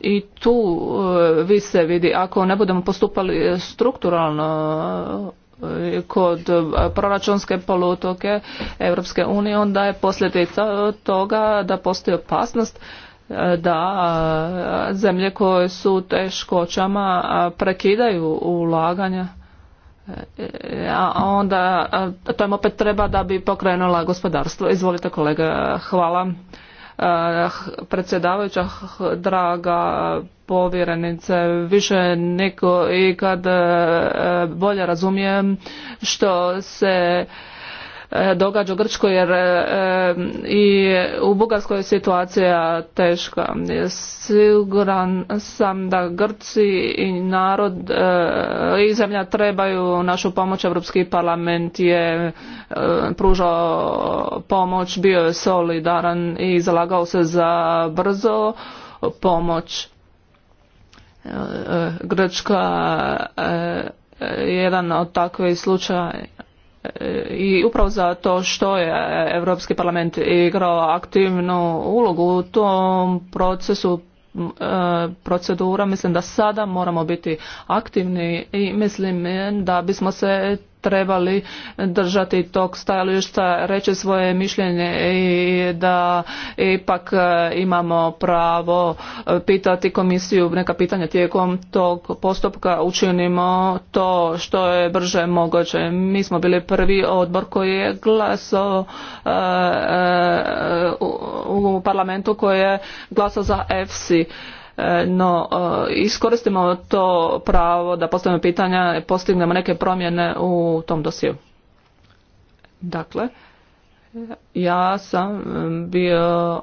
i tu e, vi se vidi ako ne budemo postupali strukturalno kod e, proračunske polutoke Europske unije, onda je posljedica toga da postoji opasnost e, da e, zemlje koje su u teškoćama prekidaju ulaganja a onda to im opet treba da bi pokrenula gospodarstvo. Izvolite kolega, hvala predsjedavajuća, draga povjerenice više i kad e, bolje razumijem što se e, događa u Grčkoj jer e, i u Bugarskoj je situacija teška. Siguran sam da Grci i narod i zemlja trebaju našu pomoć. Europski parlament je pružao pomoć, bio je solidaran i zalagao se za brzo pomoć E, e, Grčka e, jedan od takvih slučaja i upravo zato što je Europski parlament igrao aktivnu ulogu u tom procesu procedura, mislim da sada moramo biti aktivni i mislim da bismo se trebali držati tog stajališta, reći svoje mišljenje i da ipak e, imamo pravo e, pitati komisiju neka pitanja tijekom tog postupka učinimo to što je brže moguće. Mi smo bili prvi odbor koji je glasao e, u parlamentu koji je glasao za EFSI no iskoristimo to pravo da postavimo pitanja, postignemo neke promjene u tom dosiju. Dakle, ja sam bio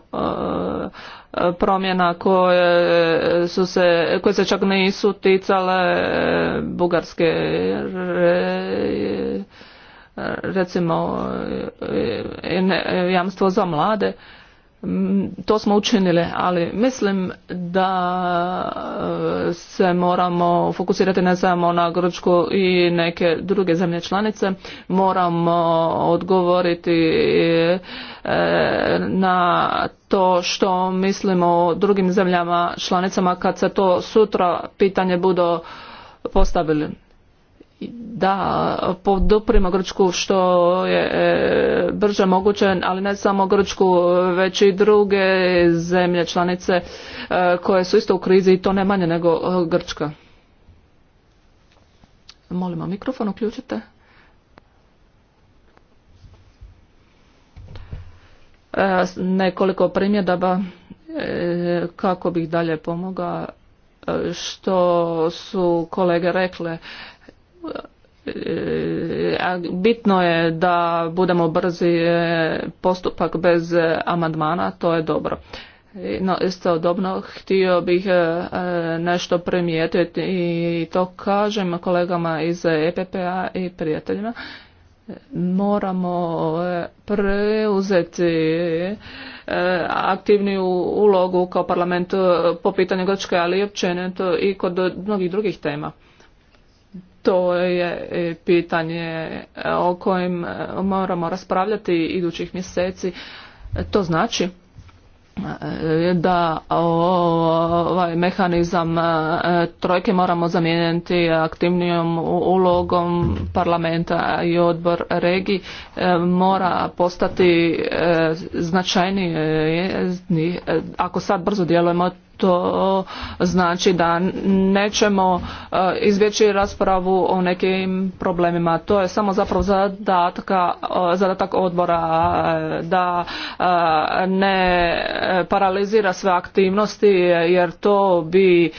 promjena koje su se, koje se čak nisu ticale bugarske recimo jamstvo za mlade Mm, to smo učinili, ali mislim da e, se moramo fokusirati ne samo na Grčku i neke druge zemlje članice, moramo odgovoriti e, na to što mislimo o drugim zemljama članicama kad se to sutra pitanje budu postavili da poduprimo Grčku što je e, brže moguće, ali ne samo Grčku, već i druge zemlje članice e, koje su isto u krizi i to ne manje nego e, Grčka. Molimo mikrofon, uključite. Nekoliko primjedaba kako bih dalje pomogao što su kolege rekle E, bitno je da budemo brzi e, postupak bez e, amandmana, to je dobro. No, istodobno htio bih nešto primijetiti i to kažem kolegama iz EPPA i prijateljima. Moramo preuzeti aktivniju ulogu kao parlament po pitanju Grčke, ali i općenito i kod mnogih drugih tema to je e, pitanje e, o kojem e, moramo raspravljati idućih mjeseci. To znači da ovaj mehanizam trojke moramo zamijeniti aktivnijom ulogom parlamenta i odbor regi mora postati značajniji ako sad brzo djelujemo to znači da nećemo e, izbjeći raspravu o nekim problemima. To je samo zapravo zadatka, e, zadatak odbora e, da ne paralizira sve aktivnosti jer to bi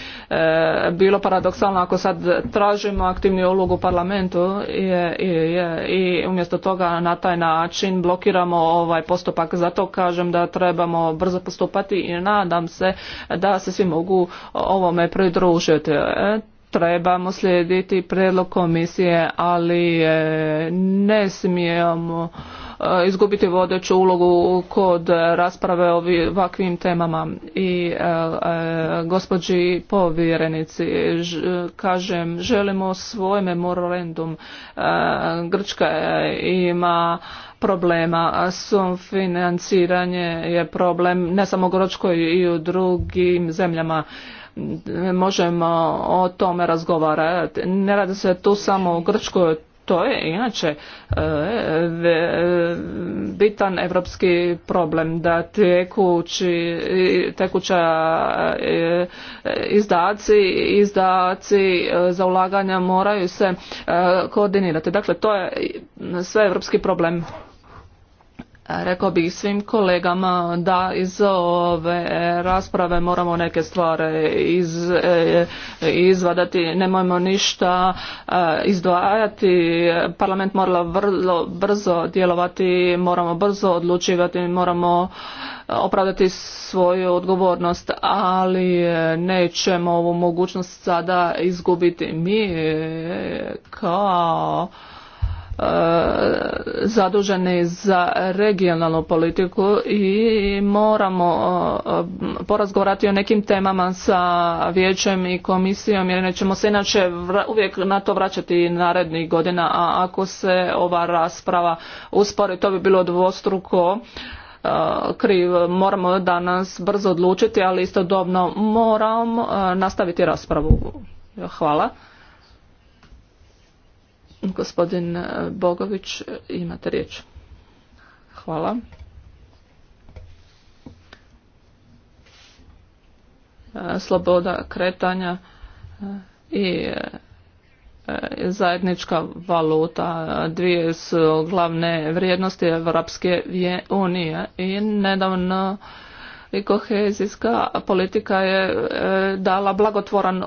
bilo paradoksalno ako sad tražimo aktivniju ulogu parlamentu i, i, i umjesto toga na taj način blokiramo ovaj postupak. Zato kažem da trebamo brzo postupati i nadam se da da se svi mogu ovome pridružiti e, trebamo slijediti predlog komisije, ali e, ne smijemo e, izgubiti vodeću ulogu kod rasprave o ovakvim temama i gospođi povjerenici kažem želimo svoj memorandum Grčka ima problema. Sufinanciranje je problem ne samo u Grčkoj i u drugim zemljama možemo o tome razgovarati. Ne radi se tu samo o Grčkoj, to je inače e, bitan evropski problem da tekući, tekuća e, izdaci izdaci e, za ulaganja moraju se koordinirati. Dakle, to je sve evropski problem. Rekao bih svim kolegama da iz ove rasprave moramo neke stvari iz, e, izvadati, nemojmo ništa e, izdvajati. Parlament mora vrlo brzo djelovati, moramo brzo odlučivati, moramo opravdati svoju odgovornost, ali e, nećemo ovu mogućnost sada izgubiti. Mi kao E, zaduženi za regionalnu politiku i moramo e, porazgovarati o nekim temama sa vijećem i komisijom jer nećemo se inače uvijek na to vraćati narednih godina a ako se ova rasprava uspori to bi bilo dvostruko e, kriv. Moramo danas brzo odlučiti, ali istodobno moram nastaviti raspravu. Hvala. Gospodin e, Bogović, e, imate riječ. Hvala. E, Sloboda kretanja i zajednička valuta dvije su glavne vrijednosti Evropske unije i nedavno i kohezijska politika je e, dala blagotvoran e,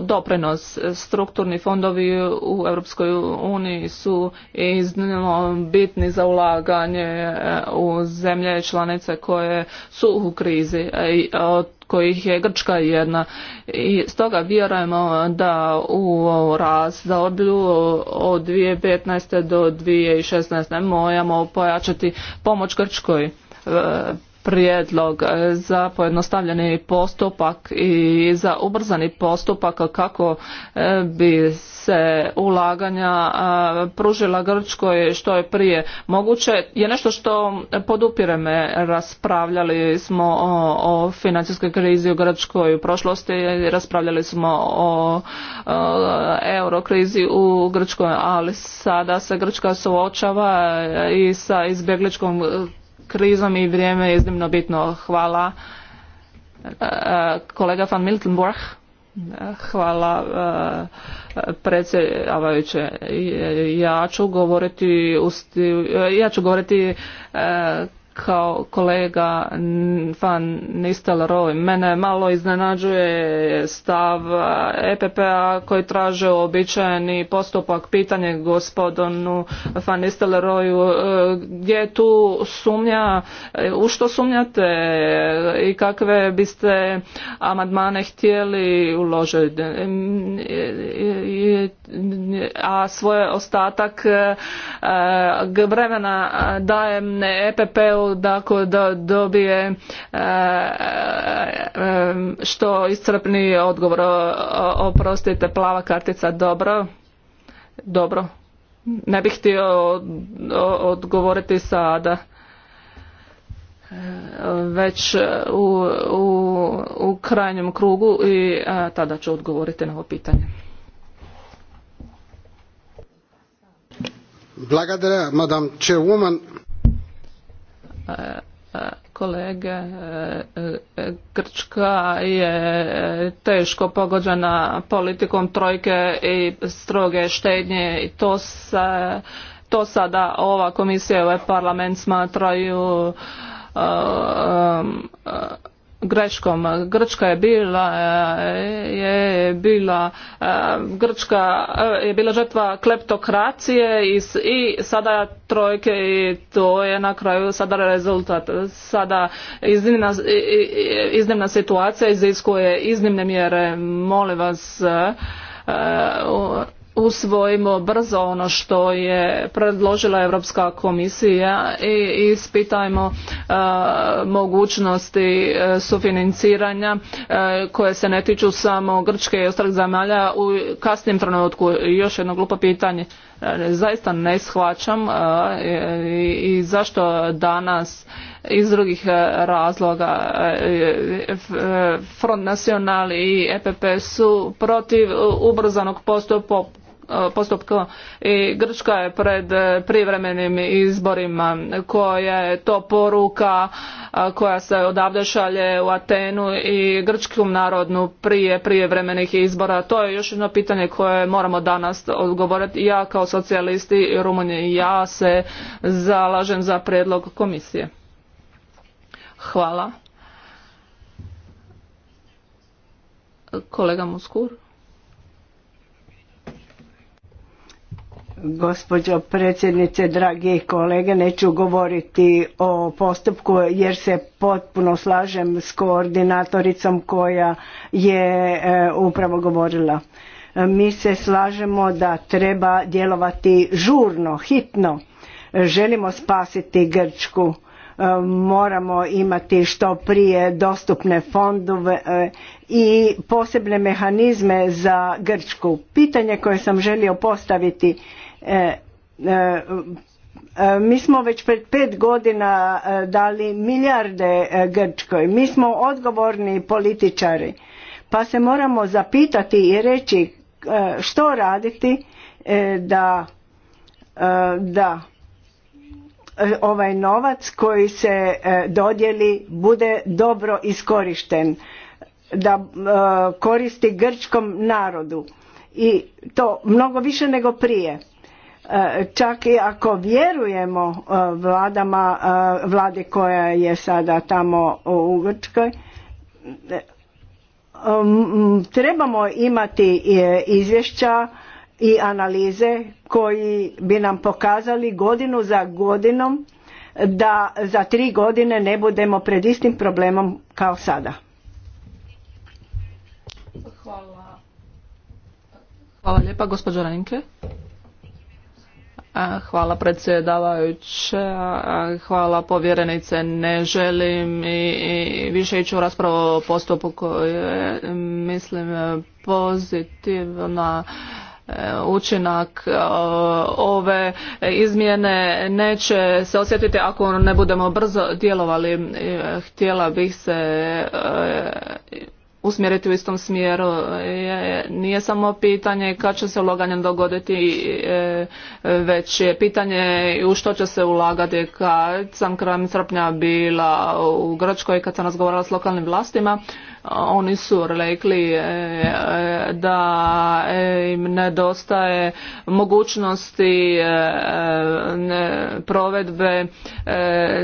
doprinos. Strukturni fondovi u Europskoj uniji su iznimno bitni za ulaganje e, u zemlje članice koje su u krizi od kojih je Grčka jedna i stoga vjerujemo da u razdoblju od 2015. do 2016. moramo pojačati pomoć Grčkoj prijedlog za pojednostavljeni postupak i za ubrzani postupak kako e, bi se ulaganja e, pružila Grčkoj što je prije moguće je nešto što podupire me raspravljali smo o, financijskoj krizi u Grčkoj u prošlosti raspravljali smo o, eurokrizi u Grčkoj ali sada se Grčka suočava i sa izbjegličkom krizom i vrijeme je iznimno bitno. Hvala e, kolega van Miltenborg. Hvala e, predsjedavajuće. Ja ću govoriti e, ja ću govoriti kao kolega Van Roy. Mene malo iznenađuje stav EPP-a koji traže običajeni postupak pitanje gospodonu Van Roju e, Gdje tu sumnja? E, u što sumnjate? I kakve biste amandmane htjeli uložiti? E, a svoj ostatak vremena dajem EPP-u da da dobije e, e, e, što iscrpni odgovor. Oprostite, plava kartica, dobro. Dobro. Ne bih htio odgovoriti sada već u, u, u krajnjem krugu i tada ću odgovoriti na ovo pitanje. Blagadara, madam kolege e, e, Grčka je e, teško pogođena politikom trojke i stroge štednje i to se to sada ova komisija i ovaj parlament smatraju greškom. Grčka je bila eh, je bila eh, Grčka eh, je bila žrtva kleptokracije i, i sada trojke i to je na kraju sada rezultat. Sada iznimna, iznimna situacija iziskuje iznimne mjere. Molim vas usvojimo brzo ono što je predložila Europska komisija i ispitajmo e, mogućnosti e, sufinanciranja e, koje se ne tiču samo Grčke i ostalih zemalja u kasnijem trenutku. Još jedno glupo pitanje. Zaista ne shvaćam i zašto danas iz drugih razloga Front Nacional i EPP su protiv ubrzanog postupka postupku i Grčka je pred privremenim izborima koja je to poruka koja se odavde šalje u Atenu i grčkom narodnu prije prijevremenih izbora. To je još jedno pitanje koje moramo danas odgovoriti. Ja kao socijalisti Rumunije ja se zalažem za prijedlog komisije. Hvala. Kolega Muskur. Gospođo predsjednice, dragi kolege, neću govoriti o postupku jer se potpuno slažem s koordinatoricom koja je e, upravo govorila. Mi se slažemo da treba djelovati žurno, hitno. Želimo spasiti Grčku e, moramo imati što prije dostupne fondove e, i posebne mehanizme za Grčku. Pitanje koje sam želio postaviti E, e, e, mi smo već pred pet godina dali milijarde Grčkoj. Mi smo odgovorni političari. Pa se moramo zapitati i reći što raditi da, da ovaj novac koji se dodjeli bude dobro iskorišten da koristi grčkom narodu i to mnogo više nego prije E, čak i ako vjerujemo e, vladama, e, vlade koja je sada tamo u Grčkoj, trebamo imati izvješća i analize koji bi nam pokazali godinu za godinom da za tri godine ne budemo pred istim problemom kao sada. Hvala. Hvala lijepa, gospođo Hvala predsjedavajuća, hvala povjerenice. Ne želim i više ići u raspravu o postupu koji je, mislim, pozitivna e, učinak e, ove izmjene neće se osjetiti ako ne budemo brzo djelovali. E, htjela bih se usmjeriti u istom smjeru. Nije samo pitanje kad će se ulaganjem dogoditi, e, već je pitanje u što će se ulagati. Kad sam krajem srpnja bila u Grčkoj, kad sam razgovarala s lokalnim vlastima, oni su rekli e, e, da im nedostaje mogućnosti e, provedbe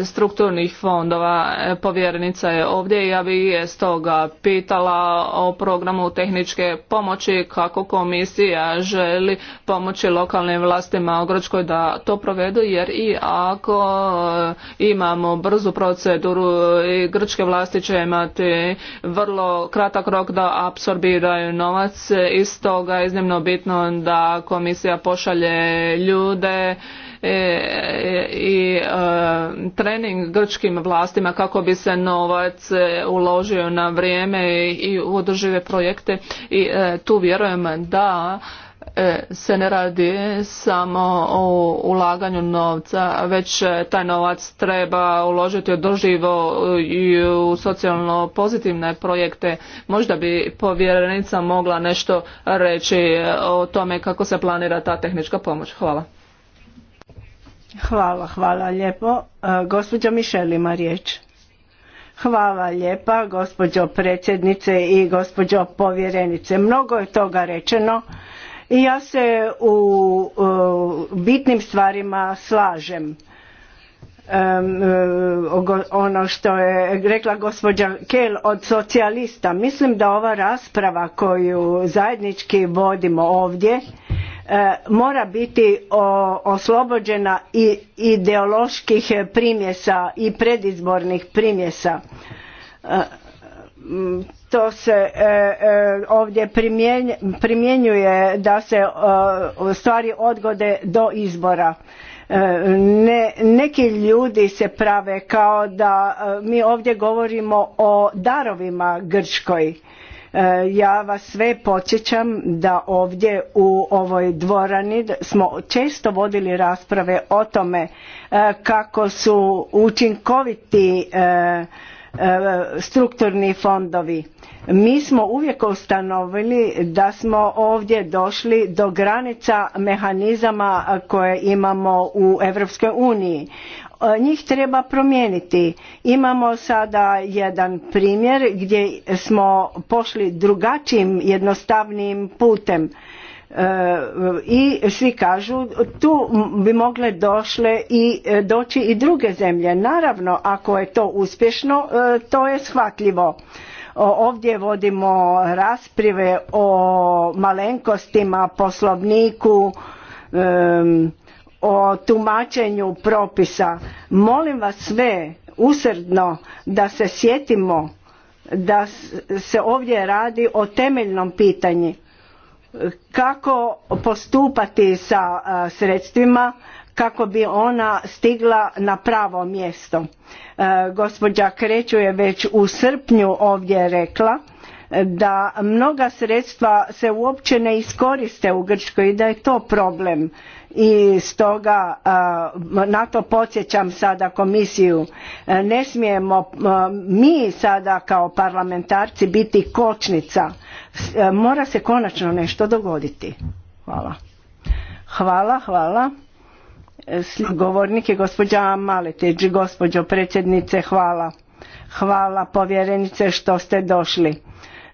strukturnih fondova. Povjerenica je ovdje i ja bih je stoga pitala o programu tehničke pomoći kako komisija želi pomoći lokalnim vlastima u Grčkoj da to provedu jer i ako imamo brzu proceduru i grčke vlasti će imati vrlo vrlo kratak rok da apsorbiraju novac. Iz toga je iznimno bitno da komisija pošalje ljude e, e, i, e, trening grčkim vlastima kako bi se novac uložio na vrijeme i, u održive projekte i tu vjerujem da E, se ne radi samo o ulaganju novca, već e, taj novac treba uložiti održivo e, i u socijalno pozitivne projekte. Možda bi povjerenica mogla nešto reći o tome kako se planira ta tehnička pomoć. Hvala. Hvala, hvala lijepo. Gospođa Mišel ima riječ. Hvala lijepa gospođo predsjednice i gospođo povjerenice. Mnogo je toga rečeno i ja se u bitnim stvarima slažem. E, ono što je rekla gospođa Kel od socijalista, mislim da ova rasprava koju zajednički vodimo ovdje e, mora biti oslobođena i ideoloških primjesa i predizbornih primjesa e, Mm, to se e, e, ovdje primjenjuje da se e, stvari odgode do izbora. Ne, neki ljudi se prave kao da mi ovdje govorimo o darovima Grčkoj. Ja vas sve podsjećam da ovdje u ovoj dvorani smo često vodili rasprave o tome kako su učinkoviti E, strukturni fondovi. Mi smo uvijek ustanovili da smo ovdje došli do granica mehanizama koje imamo u Europskoj uniji. E, njih treba promijeniti. Imamo sada jedan primjer gdje smo pošli drugačijim, jednostavnijim putem i svi kažu tu bi mogle došle i e, doći i druge zemlje. Naravno ako je to uspješno e, to je shvatljivo. Ovdje vodimo rasprive o malenkostima, poslovniku, o tumačenju propisa. Molim vas sve usrdno da se sjetimo da se ovdje radi o temeljnom pitanju kako postupati sa e, sredstvima kako bi ona stigla na pravo mjesto. E, gospođa Kreću je već u srpnju ovdje rekla da mnoga sredstva se uopće ne iskoriste u Grčkoj i da je to problem i stoga na to podsjećam sada komisiju e, ne smijemo mi sada kao parlamentarci biti kočnica e, mora se konačno nešto dogoditi hvala hvala hvala e, govornik je gospođa Maletić gospođo predsjednice hvala hvala povjerenice što ste došli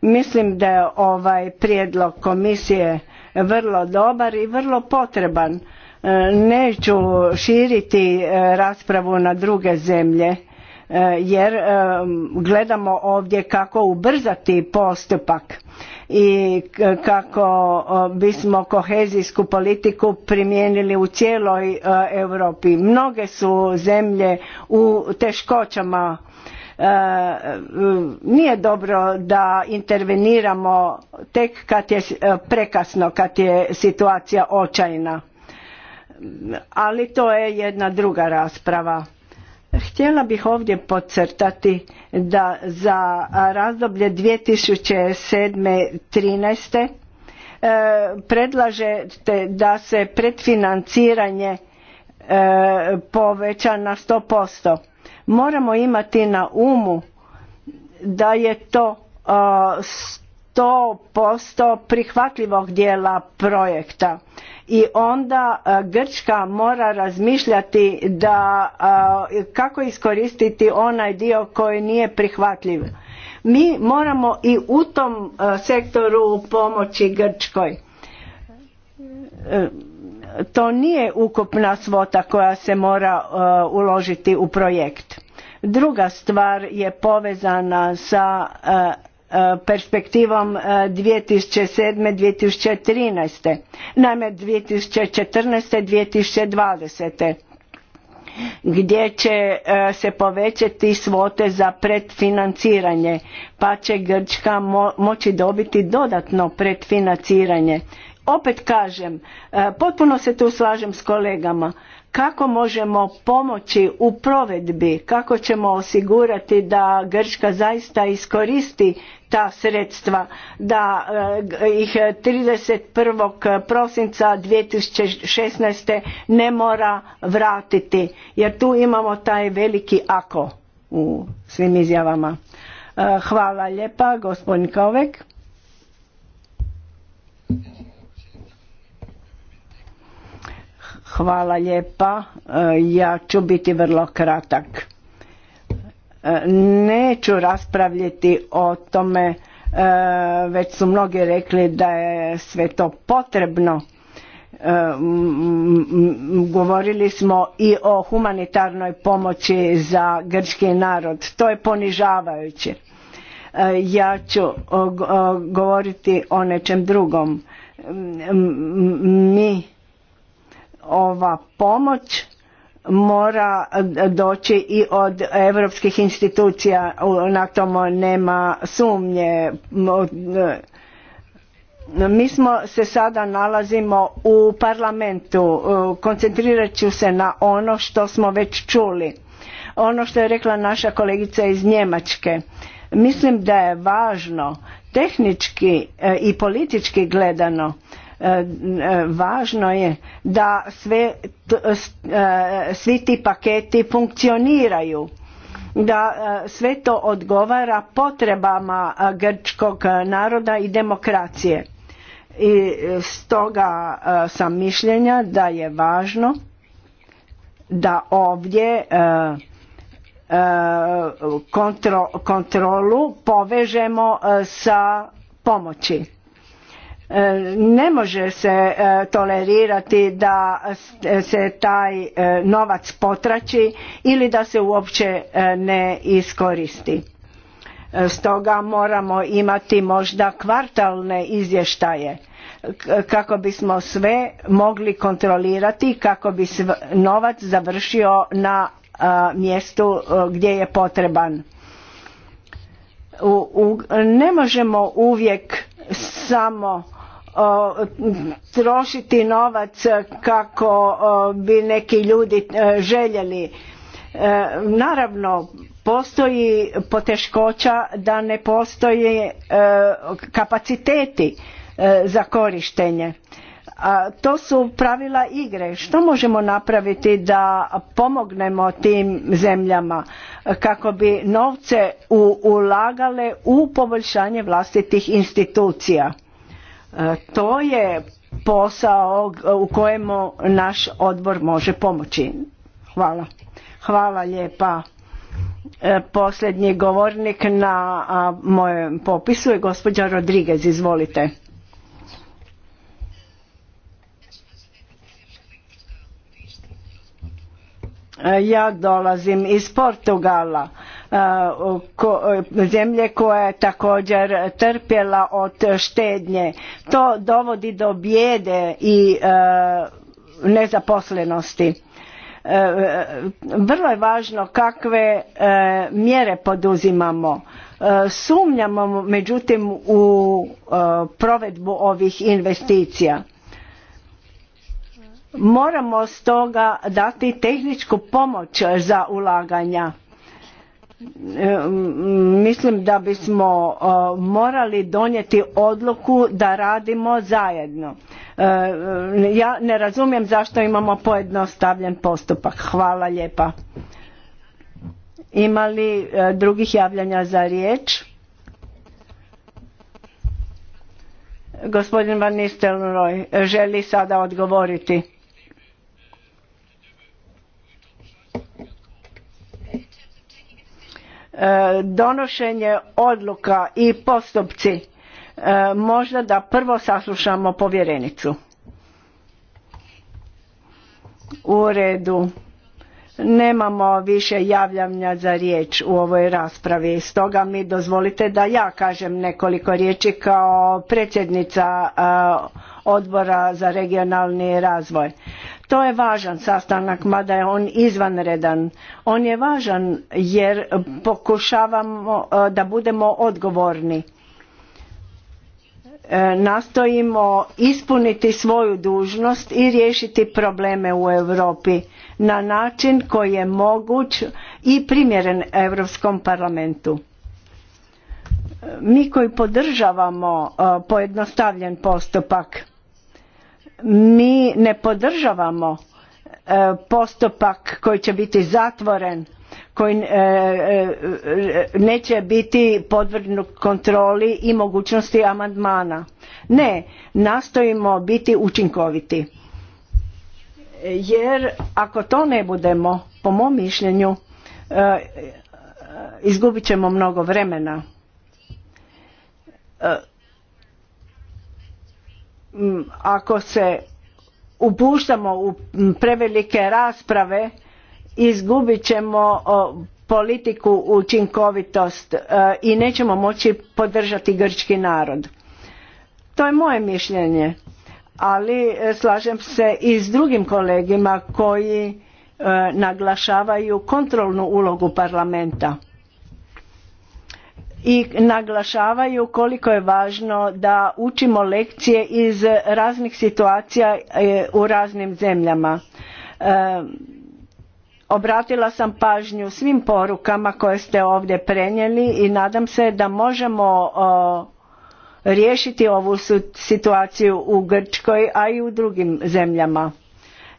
Mislim da je ovaj prijedlog komisije vrlo dobar i vrlo potreban. E, neću širiti e, raspravu na druge zemlje e, jer gledamo ovdje kako ubrzati postupak i kako bismo kohezijsku politiku primijenili u cijeloj Europi. Mnoge su zemlje u teškoćama E, nije dobro da interveniramo tek kad je e, prekasno, kad je situacija očajna. Ali to je jedna druga rasprava. Htjela bih ovdje podcrtati da za razdoblje 2007. 13. E, predlažete da se predfinanciranje poveća na 100%. Moramo imati na umu da je to sto posto prihvatljivog dijela projekta i onda grčka mora razmišljati da kako iskoristiti onaj dio koji nije prihvatljiv mi moramo i u tom sektoru pomoći grčkoj e, to nije ukupna svota koja se mora e, uložiti u projekt druga stvar je povezana sa e, e, perspektivom 2007. 2013. Naime 2014. 2020. gdje će se povećati svote za predfinanciranje pa će Grčka moći dobiti dodatno predfinanciranje opet kažem e, potpuno se tu slažem s kolegama kako možemo pomoći u provedbi kako ćemo osigurati da grčka zaista iskoristi ta sredstva da e, ih 31. prosinca 2016. ne mora vratiti jer tu imamo taj veliki ako u svim izjavama e, hvala lijepa gospodin Kovek Hvala lijepa. E, ja ću biti vrlo kratak. E, neću raspravljati o tome, e, već su mnogi rekli da je sve to potrebno. Govorili smo i o humanitarnoj pomoći za grčki narod. To je ponižavajuće. Ja ću govoriti o nečem drugom. Mi ova pomoć mora doći i od europskih institucija, na tomo nema sumnje. Mi smo se sada nalazimo u parlamentu, koncentrirat ću se na ono što smo već čuli. Ono što je rekla naša kolegica iz Njemačke. Mislim da je važno tehnički e, i politički gledano E, e, važno je da sve, e, svi ti paketi funkcioniraju da sve to odgovara potrebama grčkog naroda i demokracije. I stoga sam mišljenja da je važno da ovdje kontrolu povežemo sa pomoći E, ne može se e, tolerirati da e, se taj novac potrači ili da se uopće ne iskoristi. Stoga moramo imati možda kvartalne izvještaje kako bismo sve mogli kontrolirati kako bi se novac završio na mjestu gdje je potreban. Ne možemo uvijek samo trošiti novac kako bi neki ljudi e, željeli. E, naravno, postoji poteškoća da ne postoje e, kapaciteti za korištenje to su pravila igre. Što možemo napraviti da pomognemo tim zemljama kako bi novce ulagale u poboljšanje vlastitih institucija? to je posao u kojemu naš odbor može pomoći. Hvala. Hvala lijepa. E, posljednji govornik na mojem popisu je gospođa Rodriguez. Izvolite. ja dolazim iz Portugala, e, e, zemlje koja je također trpjela od štednje. To dovodi do bijede i e, nezaposlenosti. Vrlo je važno kakve mjere poduzimamo. Sumnjamo međutim u provedbu ovih investicija Moramo stoga dati tehničku pomoć za ulaganja. E, mislim da bismo e, morali donijeti odluku da radimo zajedno. E, ja ne razumijem zašto imamo pojednostavljen postupak. Hvala lijepa. Ima li drugih javljanja za riječ? Gospodin Van Nistelroj želi sada odgovoriti. E, donošenje odluka i postupci e, možda da prvo saslušamo povjerenicu u redu nemamo više javljanja za riječ u ovoj raspravi stoga mi dozvolite da ja kažem nekoliko riječi kao predsjednica e, odbora za regionalni razvoj to je važan sastanak, mada je on izvanredan. On je važan jer pokušavamo e, da budemo odgovorni. E, nastojimo ispuniti svoju dužnost i riješiti probleme u Europi na način koji je moguć i primjeren Europskom parlamentu. Mi koji podržavamo e, pojednostavljen postupak mi ne podržavamo e, postupak koji će biti zatvoren koji e, e, neće biti podvrgnut kontroli i mogućnosti amandmana ne nastojimo biti učinkoviti jer ako to ne budemo po mom mišljenju izgubit ćemo mnogo vremena ako se upuštamo u prevelike rasprave izgubit ćemo politiku učinkovitost e, i nećemo moći podržati grčki narod. To je moje mišljenje, ali e, slažem se i s drugim kolegima koji e, naglašavaju kontrolnu ulogu parlamenta i naglašavaju koliko je važno da učimo lekcije iz raznih situacija e, u raznim zemljama. E, obratila sam pažnju svim porukama koje ste ovdje prenijeli i nadam se da možemo riješiti ovu situaciju u Grčkoj, a i u drugim zemljama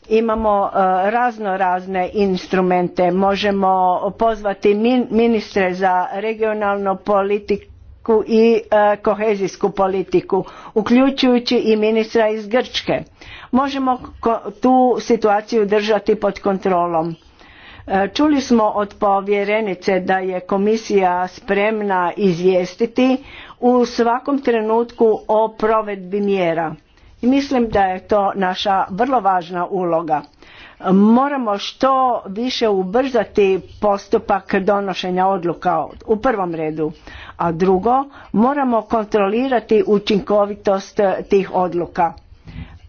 imamo e, razno razne instrumente možemo pozvati ministre za regionalnu politiku i e, kohezijsku politiku uključujući i ministra iz Grčke možemo tu situaciju držati pod kontrolom e, Čuli smo od povjerenice da je komisija spremna izvijestiti u svakom trenutku o provedbi mjera i mislim da je to naša vrlo važna uloga. Moramo što više ubrzati postupak donošenja odluka u prvom redu, a drugo moramo kontrolirati učinkovitost tih odluka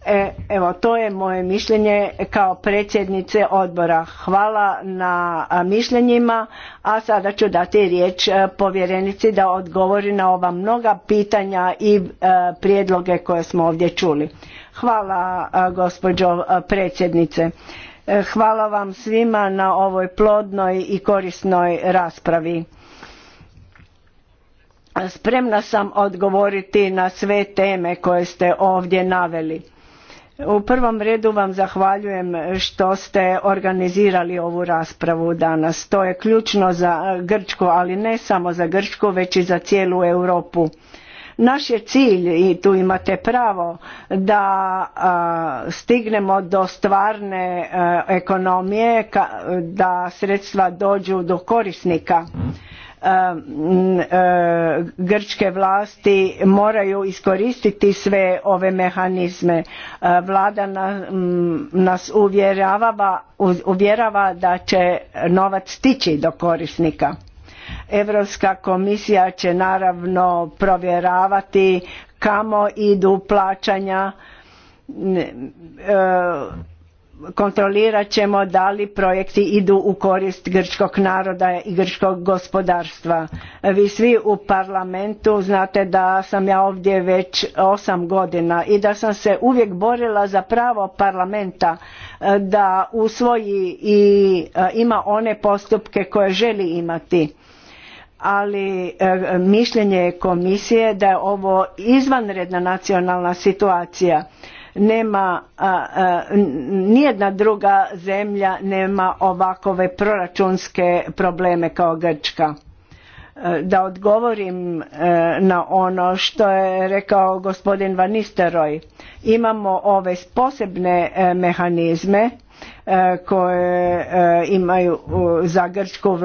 E, evo, to je moje mišljenje kao predsjednice odbora. Hvala na mišljenjima, a sada ću dati riječ e, povjerenici da odgovori na ova mnoga pitanja i e, prijedloge koje smo ovdje čuli. Hvala gospođo predsjednice. Hvala vam svima na ovoj plodnoj i korisnoj raspravi. Spremna sam odgovoriti na sve teme koje ste ovdje naveli u prvom redu vam zahvaljujem što ste organizirali ovu raspravu danas. To je ključno za Grčku, ali ne samo za Grčku, već i za cijelu Europu. Naš je cilj, i tu imate pravo, da stignemo do stvarne e, ekonomije, da sredstva dođu do korisnika E, e, grčke vlasti moraju iskoristiti sve ove mehanizme. E, Vlada nas uvjerava, uvjerava da će novac stići do korisnika. Europska komisija će naravno provjeravati kamo idu plaćanja kontrolirat ćemo da li projekti idu u korist grčkog naroda i grčkog gospodarstva. Vi svi u parlamentu znate da sam ja ovdje već osam godina i da sam se uvijek borila za pravo parlamenta e, da usvoji i e, ima one postupke koje želi imati ali e, mišljenje je komisije da je ovo izvanredna nacionalna situacija nema nijedna druga zemlja nema ovakove proračunske probleme kao Grčka e, da odgovorim e, na ono što je rekao gospodin Van Imamo ove posebne e, mehanizme koje imaju za grčku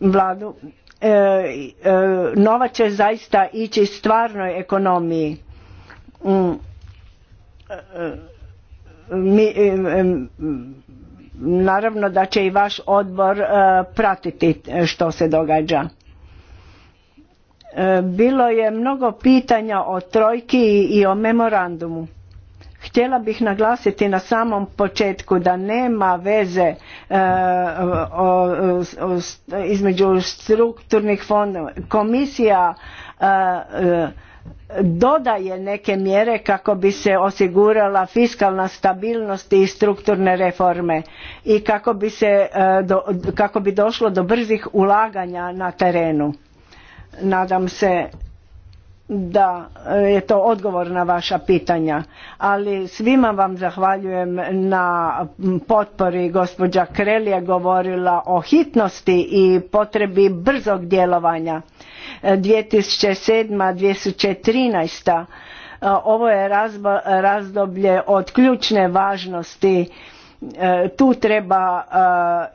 vladu. Nova će zaista ići stvarnoj ekonomiji mm mi, naravno da će i vaš odbor e, pratiti e, što se događa. E, bilo je mnogo pitanja o trojki i o memorandumu. Htjela bih naglasiti na samom početku da nema veze između strukturnih fondova. Komisija dodaje neke mjere kako bi se osigurala fiskalna stabilnost i strukturne reforme i e, kako bi, došlo do brzih ulaganja na terenu. Nadam se da je to odgovor na vaša pitanja, ali svima vam zahvaljujem na potpori. Gospođa Krelija govorila o hitnosti i potrebi brzog djelovanja 2007-2013. E, ovo je razdoblje od ključne važnosti. E, tu treba,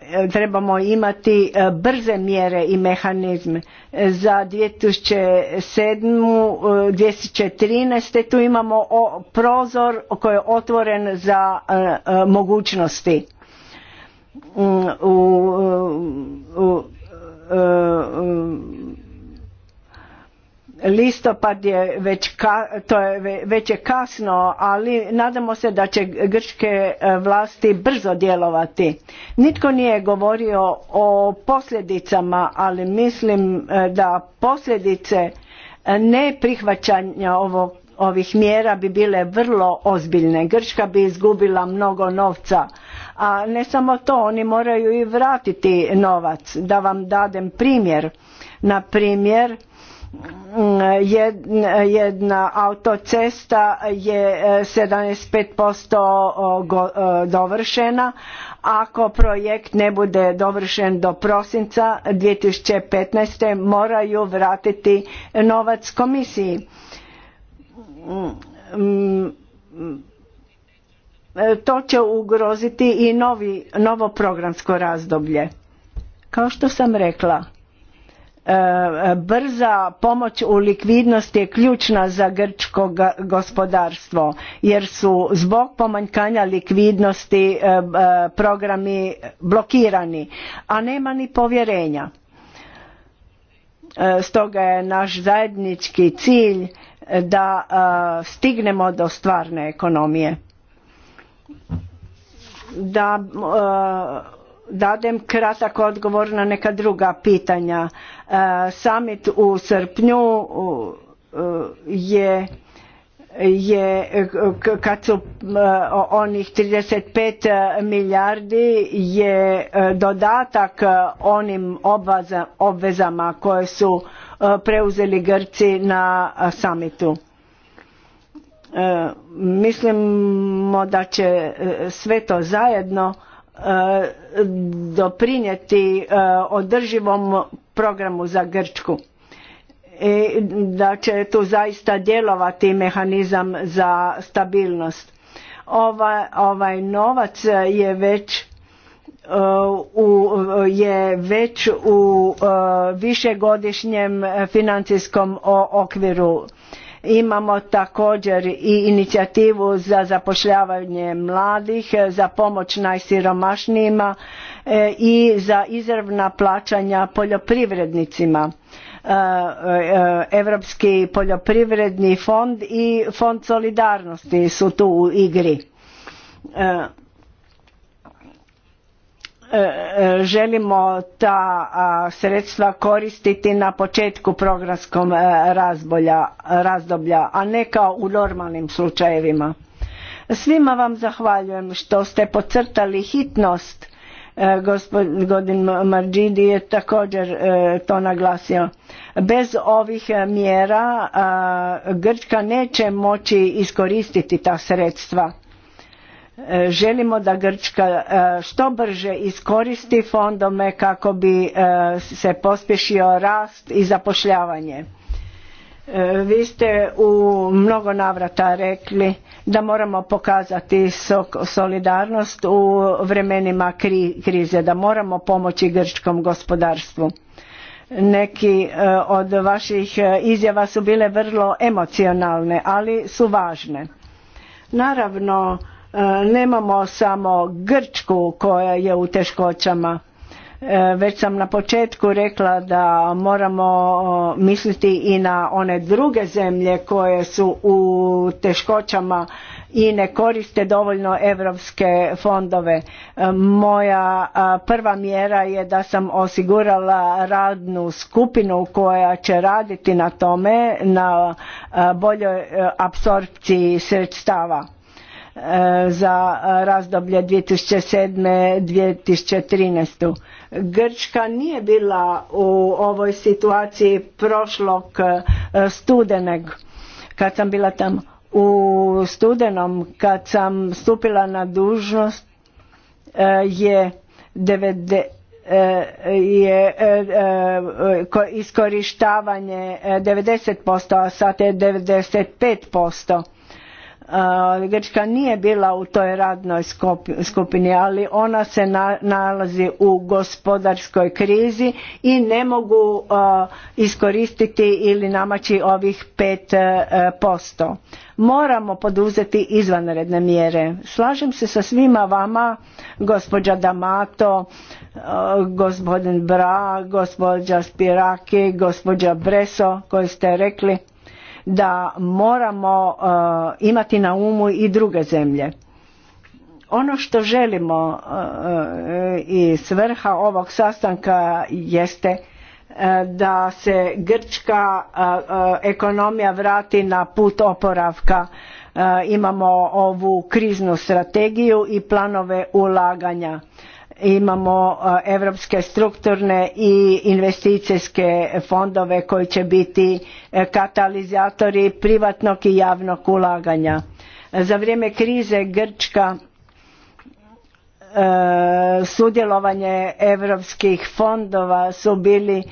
e, trebamo imati brze mjere i mehanizme. Za 2007-2013 tu imamo prozor koji je otvoren za mogućnosti. Mm, u, u, u, listopad je već to je već je kasno ali nadamo se da će grčke e, vlasti brzo djelovati nitko nije govorio o posljedicama ali mislim e, da posljedice e, neprihvaćanja ovih mjera bi bile vrlo ozbiljne. Grčka bi izgubila mnogo novca. A ne samo to, oni moraju i vratiti novac. Da vam dadem primjer. Na primjer, jedna autocesta je 75% eh, eh, dovršena. Ako projekt ne bude dovršen do prosinca 2015. moraju vratiti novac komisiji. Mm, mm, to će ugroziti i novo programsko razdoblje. Kao što sam rekla, E, brza pomoć u likvidnosti je ključna za grčko gospodarstvo jer su zbog pomanjkanja likvidnosti e, e, programi blokirani a nema ni povjerenja stoga je naš zajednički cilj da stignemo do stvarne ekonomije da dadem kratak odgovor na neka druga pitanja. E, summit u srpnju e, je je kad su e, onih 35 milijardi je dodatak onim obvezama koje su preuzeli Grci na samitu. Mislimo da će sve to zajedno E, doprinijeti e, održivom programu za Grčku i da će tu zaista djelovati mehanizam za stabilnost. Ova, ovaj novac je već e, u, je već u višegodišnjem financijskom okviru Imamo također i inicijativu za zapošljavanje mladih, za pomoć najsiromašnijima e, i za izravna plaćanja poljoprivrednicima. Europski e, poljoprivredni fond i fond solidarnosti su tu u igri. E, E, e, želimo ta sredstva koristiti na početku programskog e, razdoblja, a ne kao u normalnim slučajevima. Svima vam zahvaljujem što ste pocrtali hitnost, gospodin Marđidi je također to naglasio. Bez ovih mjera Grčka neće moći iskoristiti ta sredstva E, želimo da Grčka e, što brže iskoristi fondome kako bi e, se pospješio rast i zapošljavanje. Vi ste u mnogo navrata rekli da moramo pokazati solidarnost u vremenima krize, da moramo pomoći grčkom gospodarstvu. Neki od vaših izjava su bile vrlo emocionalne, ali su važne. Naravno, E, nemamo samo Grčku koja je u teškoćama. E, već sam na početku rekla da moramo misliti i na one druge zemlje koje su u teškoćama i ne koriste dovoljno europske fondove. E, moja prva mjera je da sam osigurala radnu skupinu koja će raditi na tome, na boljoj apsorpciji sredstava E, za e, razdoblje 2007-2013. Grčka nije bila u ovoj situaciji prošlog e, studeneg. kad sam bila tam u studenom kad sam stupila na dužnost je iskorištavanje je iskorištavanje 90%, a sad je 95%. Grčka nije bila u toj radnoj skupini, ali ona se nalazi u gospodarskoj krizi i ne mogu iskoristiti ili namaći ovih 5%. E, Moramo poduzeti izvanredne mjere. Slažem se sa svima vama, gospođa Damato, gospodin Bra, gospođa Spiraki, gospođa Breso, koji ste rekli da moramo eh, imati na umu i druge zemlje. Ono što želimo eh, i svrha ovog sastanka jeste eh, da se grčka ekonomija vrati na put oporavka. Imamo ovu kriznu strategiju i planove ulaganja imamo europske strukturne i investicijske fondove koji će biti e, katalizatori privatnog i javnog ulaganja. Za vrijeme krize Grčka e, sudjelovanje europskih fondova su bili e,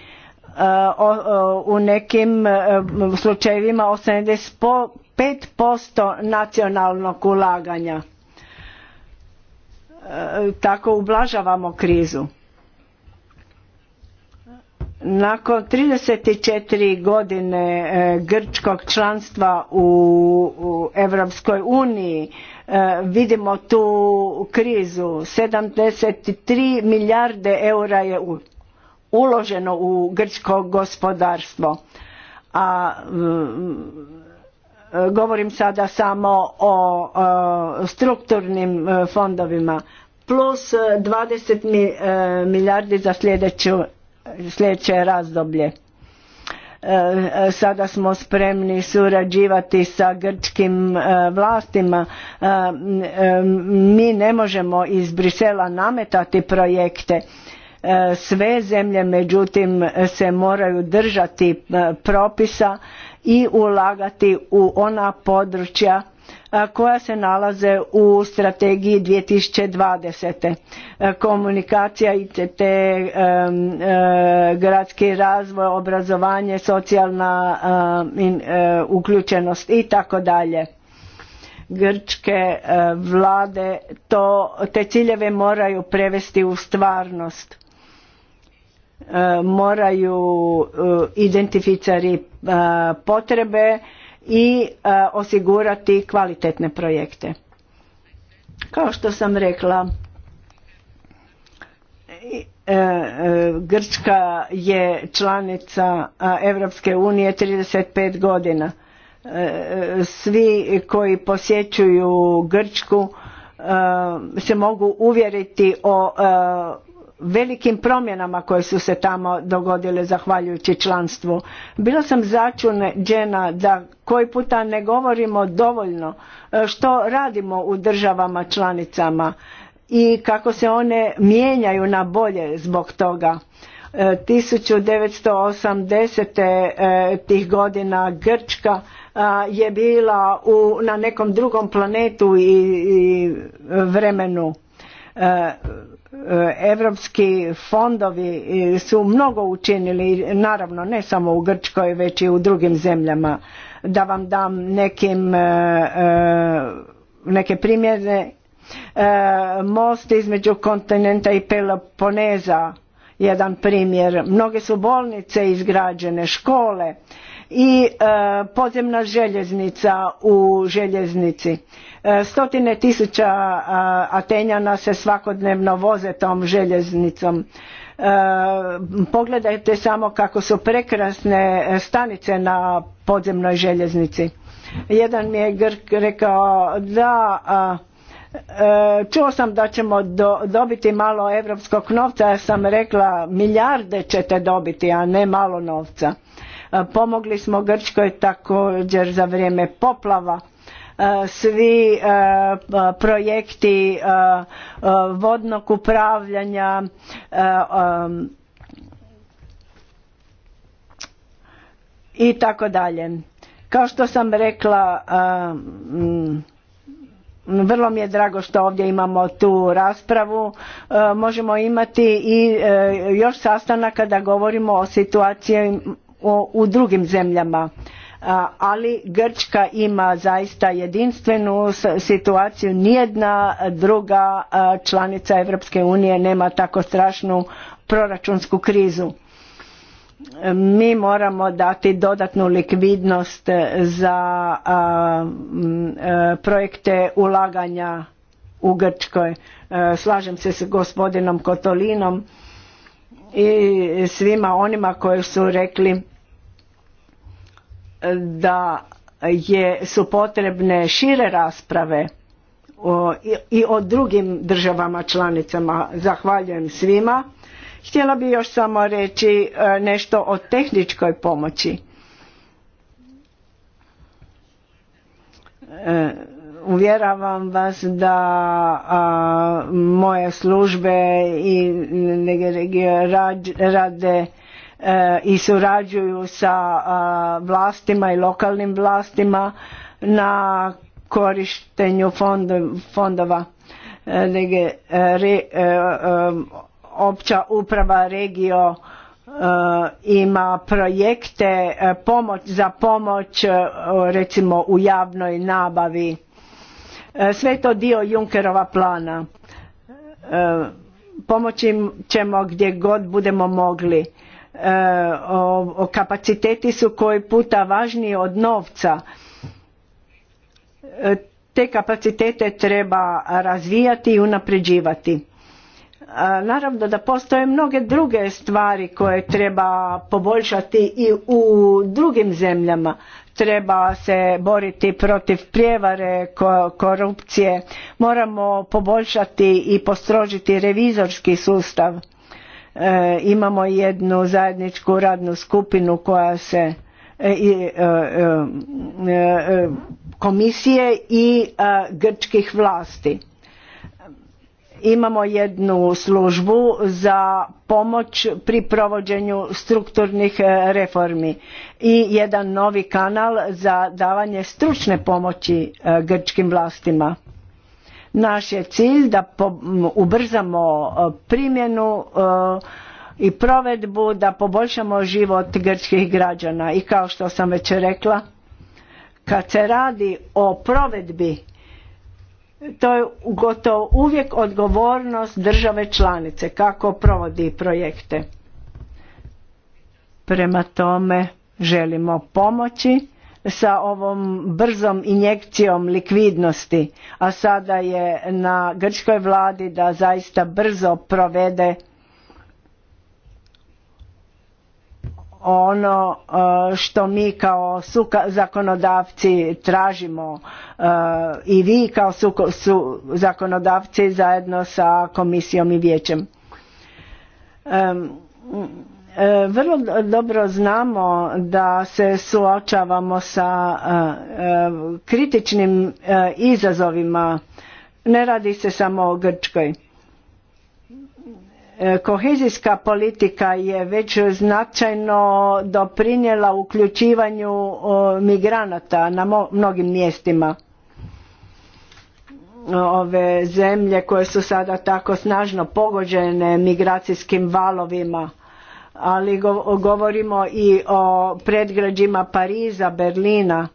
u nekim slučajevima 85% nacionalnog ulaganja tako ublažavamo krizu. Nakon 34 godine e, grčkog članstva u Europskoj uniji e, vidimo tu krizu. 73 milijarde eura je uloženo u grčko gospodarstvo. A govorim sada samo o strukturnim e, fondovima, plus 20 e, milijardi za sljedeće razdoblje. E, sada smo spremni surađivati sa grčkim vlastima. Mi ne možemo iz Brisela nametati projekte. Sve zemlje međutim se moraju držati propisa i ulagati u ona područja koja se nalaze u strategiji 2020. Komunikacija, ICT, gradski razvoj, obrazovanje, socijalna uključenost i tako dalje. Grčke vlade to, te ciljeve moraju prevesti u stvarnost E, moraju e, identificirati e, potrebe i osigurati kvalitetne projekte. Kao što sam rekla, Grčka je članica Evropske unije 35 godina. Svi koji posjećuju Grčku se mogu uvjeriti o velikim promjenama koje su se tamo dogodile zahvaljujući članstvu. Bila sam džena da koji puta ne govorimo dovoljno e, što radimo u državama članicama i kako se one mijenjaju na bolje zbog toga. 1980. E, e, tih godina Grčka je bila u, na nekom drugom planetu i, i vremenu Europski fondovi e, su mnogo učinili, naravno ne samo u Grčkoj već i u drugim zemljama. Da vam dam nekim, e, e, neke primjere. Most između kontinenta i Peloponeza, jedan primjer. Mnoge su bolnice izgrađene, škole i podzemna željeznica u željeznici Stotine tisuća Atenjana se svakodnevno voze tom željeznicom. E, pogledajte samo kako su prekrasne stanice na podzemnoj željeznici. Jedan mi je Grk rekao da e, čuo sam da ćemo dobiti malo europskog novca, ja sam rekla milijarde ćete dobiti, a ne malo novca. E, pomogli smo Grčkoj također za vrijeme poplava svi e, projekti e, e, vodnog upravljanja i tako dalje. Kao što sam rekla, vrlo mi je drago što ovdje imamo tu raspravu. Možemo imati i još sastanaka da govorimo o situaciji u drugim zemljama ali Grčka ima zaista jedinstvenu situaciju, nijedna druga članica Evropske unije nema tako strašnu proračunsku krizu. Mi moramo dati dodatnu likvidnost za e, projekte ulaganja u Grčkoj. E, slažem se s gospodinom Kotolinom i svima onima koji su rekli da je, su potrebne šire rasprave o, i, o drugim državama članicama. Zahvaljujem svima. Htjela bi još samo reći e, nešto o tehničkoj pomoći. E, uvjeravam vas da moje službe i neke regije rade E, i surađuju sa e, vlastima i lokalnim vlastima na korištenju fondova e, opća uprava regio ima projekte pomoć za pomoć recimo u javnoj nabavi sve to dio Junkerova plana pomoći ćemo gdje god budemo mogli kapaciteti su koji puta važniji od novca e, te kapacitete treba razvijati i unapređivati e, naravno da postoje mnoge druge stvari koje treba poboljšati i u drugim zemljama treba se boriti protiv prijevare korupcije moramo poboljšati i postrožiti revizorski sustav E, imamo jednu zajedničku radnu skupinu koja se e, i e, komisije i grčkih vlasti. Imamo jednu službu za pomoć pri provođenju strukturnih reformi i jedan novi kanal za davanje stručne pomoći grčkim vlastima. Naš je cilj da ubrzamo e, primjenu e, i provedbu da poboljšamo život grčkih građana i kao što sam već rekla kad se radi o provedbi to je gotovo uvijek odgovornost države članice kako provodi projekte prema tome želimo pomoći sa ovom brzom injekcijom likvidnosti, a sada je na grčkoj vladi da zaista brzo provede ono e, što mi kao zakonodavci tražimo e, i vi kao su zakonodavci zajedno sa komisijom i vijećem. E, vrlo dobro znamo da se suočavamo sa e, e, kritičnim izazovima. Ne radi se samo o Grčkoj. Kohezijska politika je već značajno doprinjela uključivanju migranata na mnogim mjestima ove zemlje koje su sada tako snažno pogođene migracijskim valovima ali govorimo i o predgrađima Pariza, Berlina.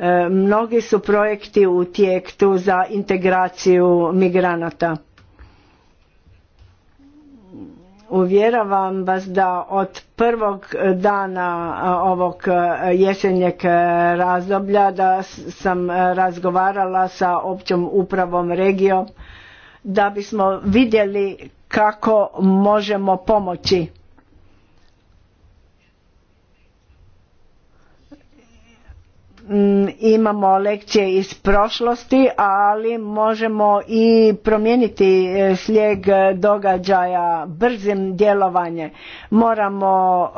E, mnogi su projekti u tijektu za integraciju migranata. Uvjeravam vas da od prvog dana ovog e, jesenjeg e, razdoblja da sam razgovarala sa općom upravom regijom da bismo vidjeli kako možemo pomoći Mm, imamo lekcije iz prošlosti, ali možemo i promijeniti e, slijeg događaja brzim djelovanjem. Moramo e,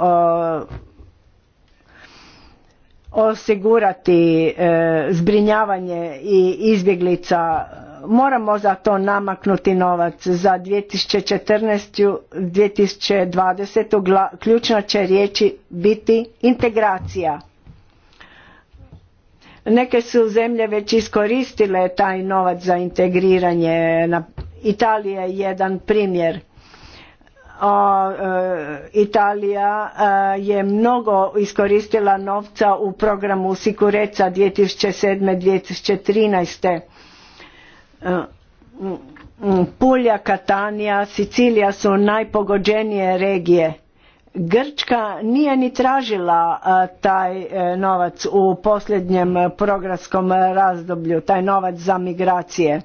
osigurati e, zbrinjavanje i izbjeglica moramo za to namaknuti novac za 2014. 2020. ključna će riječi biti integracija Neke su zemlje već iskoristile taj novac za integriranje. Italija je jedan primjer. E, Italija e, je mnogo iskoristila novca u programu Sikureca 2007-2013. E, Pulja, Katanija, Sicilija su najpogođenije regije Grčka nije ni tražila e, taj e, novac u posljednjem programskom razdoblju, taj novac za migracije.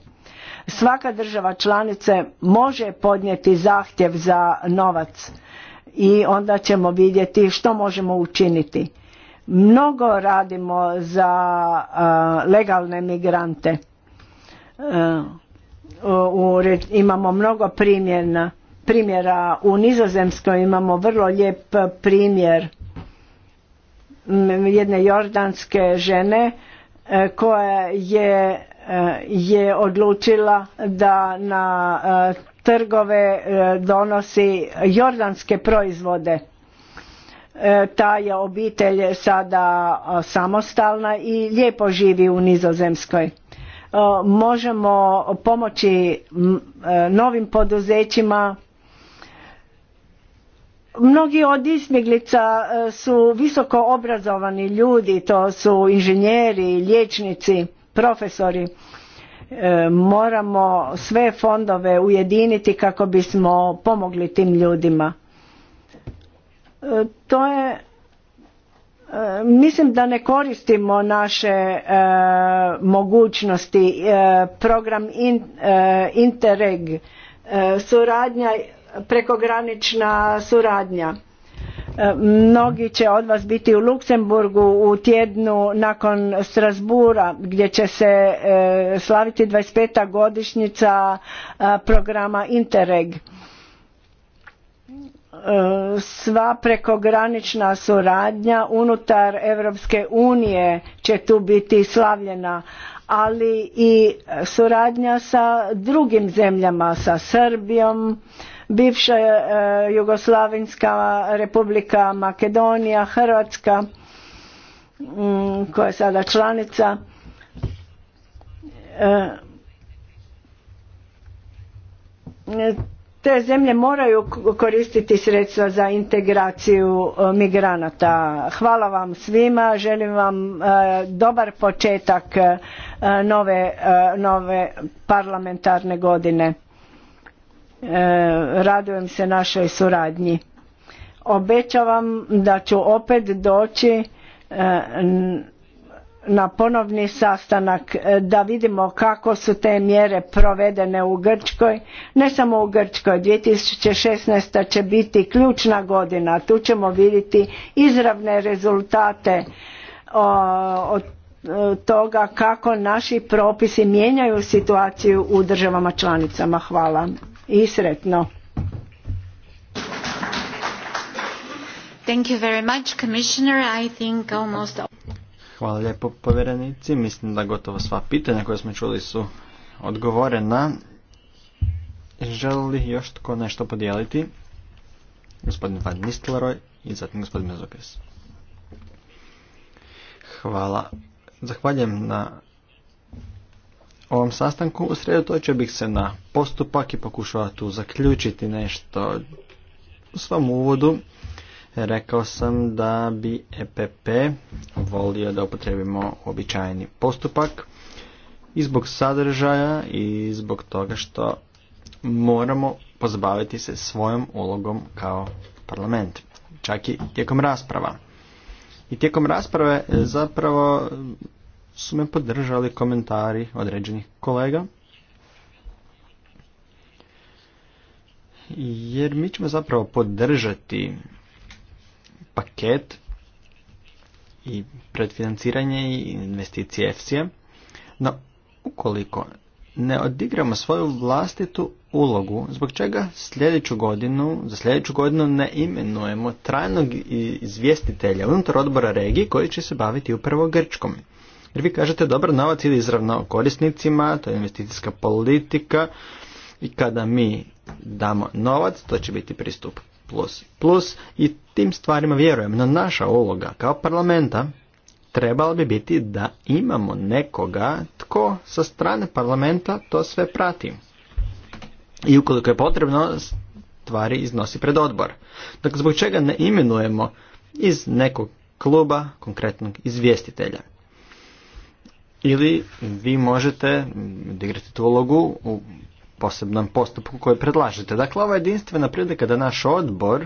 Svaka država članice može podnijeti zahtjev za novac i onda ćemo vidjeti što možemo učiniti. Mnogo radimo za e, legalne migrante. Imamo mnogo primjena primjera. U Nizozemskoj imamo vrlo lijep primjer jedne jordanske žene e, koja je, e, je odlučila da na e, trgove donosi jordanske proizvode. Ta je obitelj sada samostalna i lijepo živi u Nizozemskoj. Možemo pomoći novim poduzećima Mnogi od izbjeglica e, su visoko obrazovani ljudi, to su inženjeri, liječnici, profesori. E, moramo sve fondove ujediniti kako bismo pomogli tim ljudima. E, to je mislim da ne koristimo naše mogućnosti program Interreg suradnja prekogranična suradnja. E, mnogi će od vas biti u Luksemburgu u tjednu nakon Strasbura gdje će se e, slaviti 25. godišnjica e, programa Interreg. Sva prekogranična suradnja unutar Europske unije će tu biti slavljena, ali i suradnja sa drugim zemljama, sa Srbijom, bivša e, Jugoslavenska republika Makedonija, Hrvatska mm, koja je sada članica e, te zemlje moraju koristiti sredstva za integraciju e, migranata. Hvala vam svima, želim vam dobar početak nove, nove parlamentarne godine. E, radujem se našoj suradnji. Obećavam da ću opet doći e, na ponovni sastanak e, da vidimo kako su te mjere provedene u Grčkoj. Ne samo u Grčkoj, 2016. će biti ključna godina. Tu ćemo vidjeti izravne rezultate od toga kako naši propisi mijenjaju situaciju u državama članicama. Hvala i sretno. Thank you very much, Commissioner. I think almost... Hvala lijepo povjerenici. Mislim da gotovo sva pitanja koja smo čuli su odgovorena. Želi li još tko nešto podijeliti? Gospodin Van i zatim gospodin Mezokres. Hvala. Zahvaljujem na ovom sastanku usredotočio bih se na postupak i pokušava tu zaključiti nešto u svom uvodu. Rekao sam da bi EPP volio da upotrebimo običajni postupak i zbog sadržaja i zbog toga što moramo pozabaviti se svojom ulogom kao parlament, čak i tijekom rasprava. I tijekom rasprave zapravo su me podržali komentari određenih kolega. Jer mi ćemo zapravo podržati paket i predfinanciranje i investicije efsi no ukoliko ne odigramo svoju vlastitu ulogu, zbog čega sljedeću godinu, za sljedeću godinu ne imenujemo trajnog izvjestitelja unutar odbora regije koji će se baviti upravo Grčkom. Jer vi kažete, dobar, novac ide izravno korisnicima, to je investicijska politika i kada mi damo novac, to će biti pristup plus plus i tim stvarima vjerujem. No naša uloga kao parlamenta trebala bi biti da imamo nekoga tko sa strane parlamenta to sve prati. I ukoliko je potrebno, stvari iznosi pred odbor. Dakle, zbog čega ne imenujemo iz nekog kluba konkretnog izvjestitelja ili vi možete digrati tu ulogu u posebnom postupku koji predlažete. Dakle, ova je jedinstvena prilika da naš odbor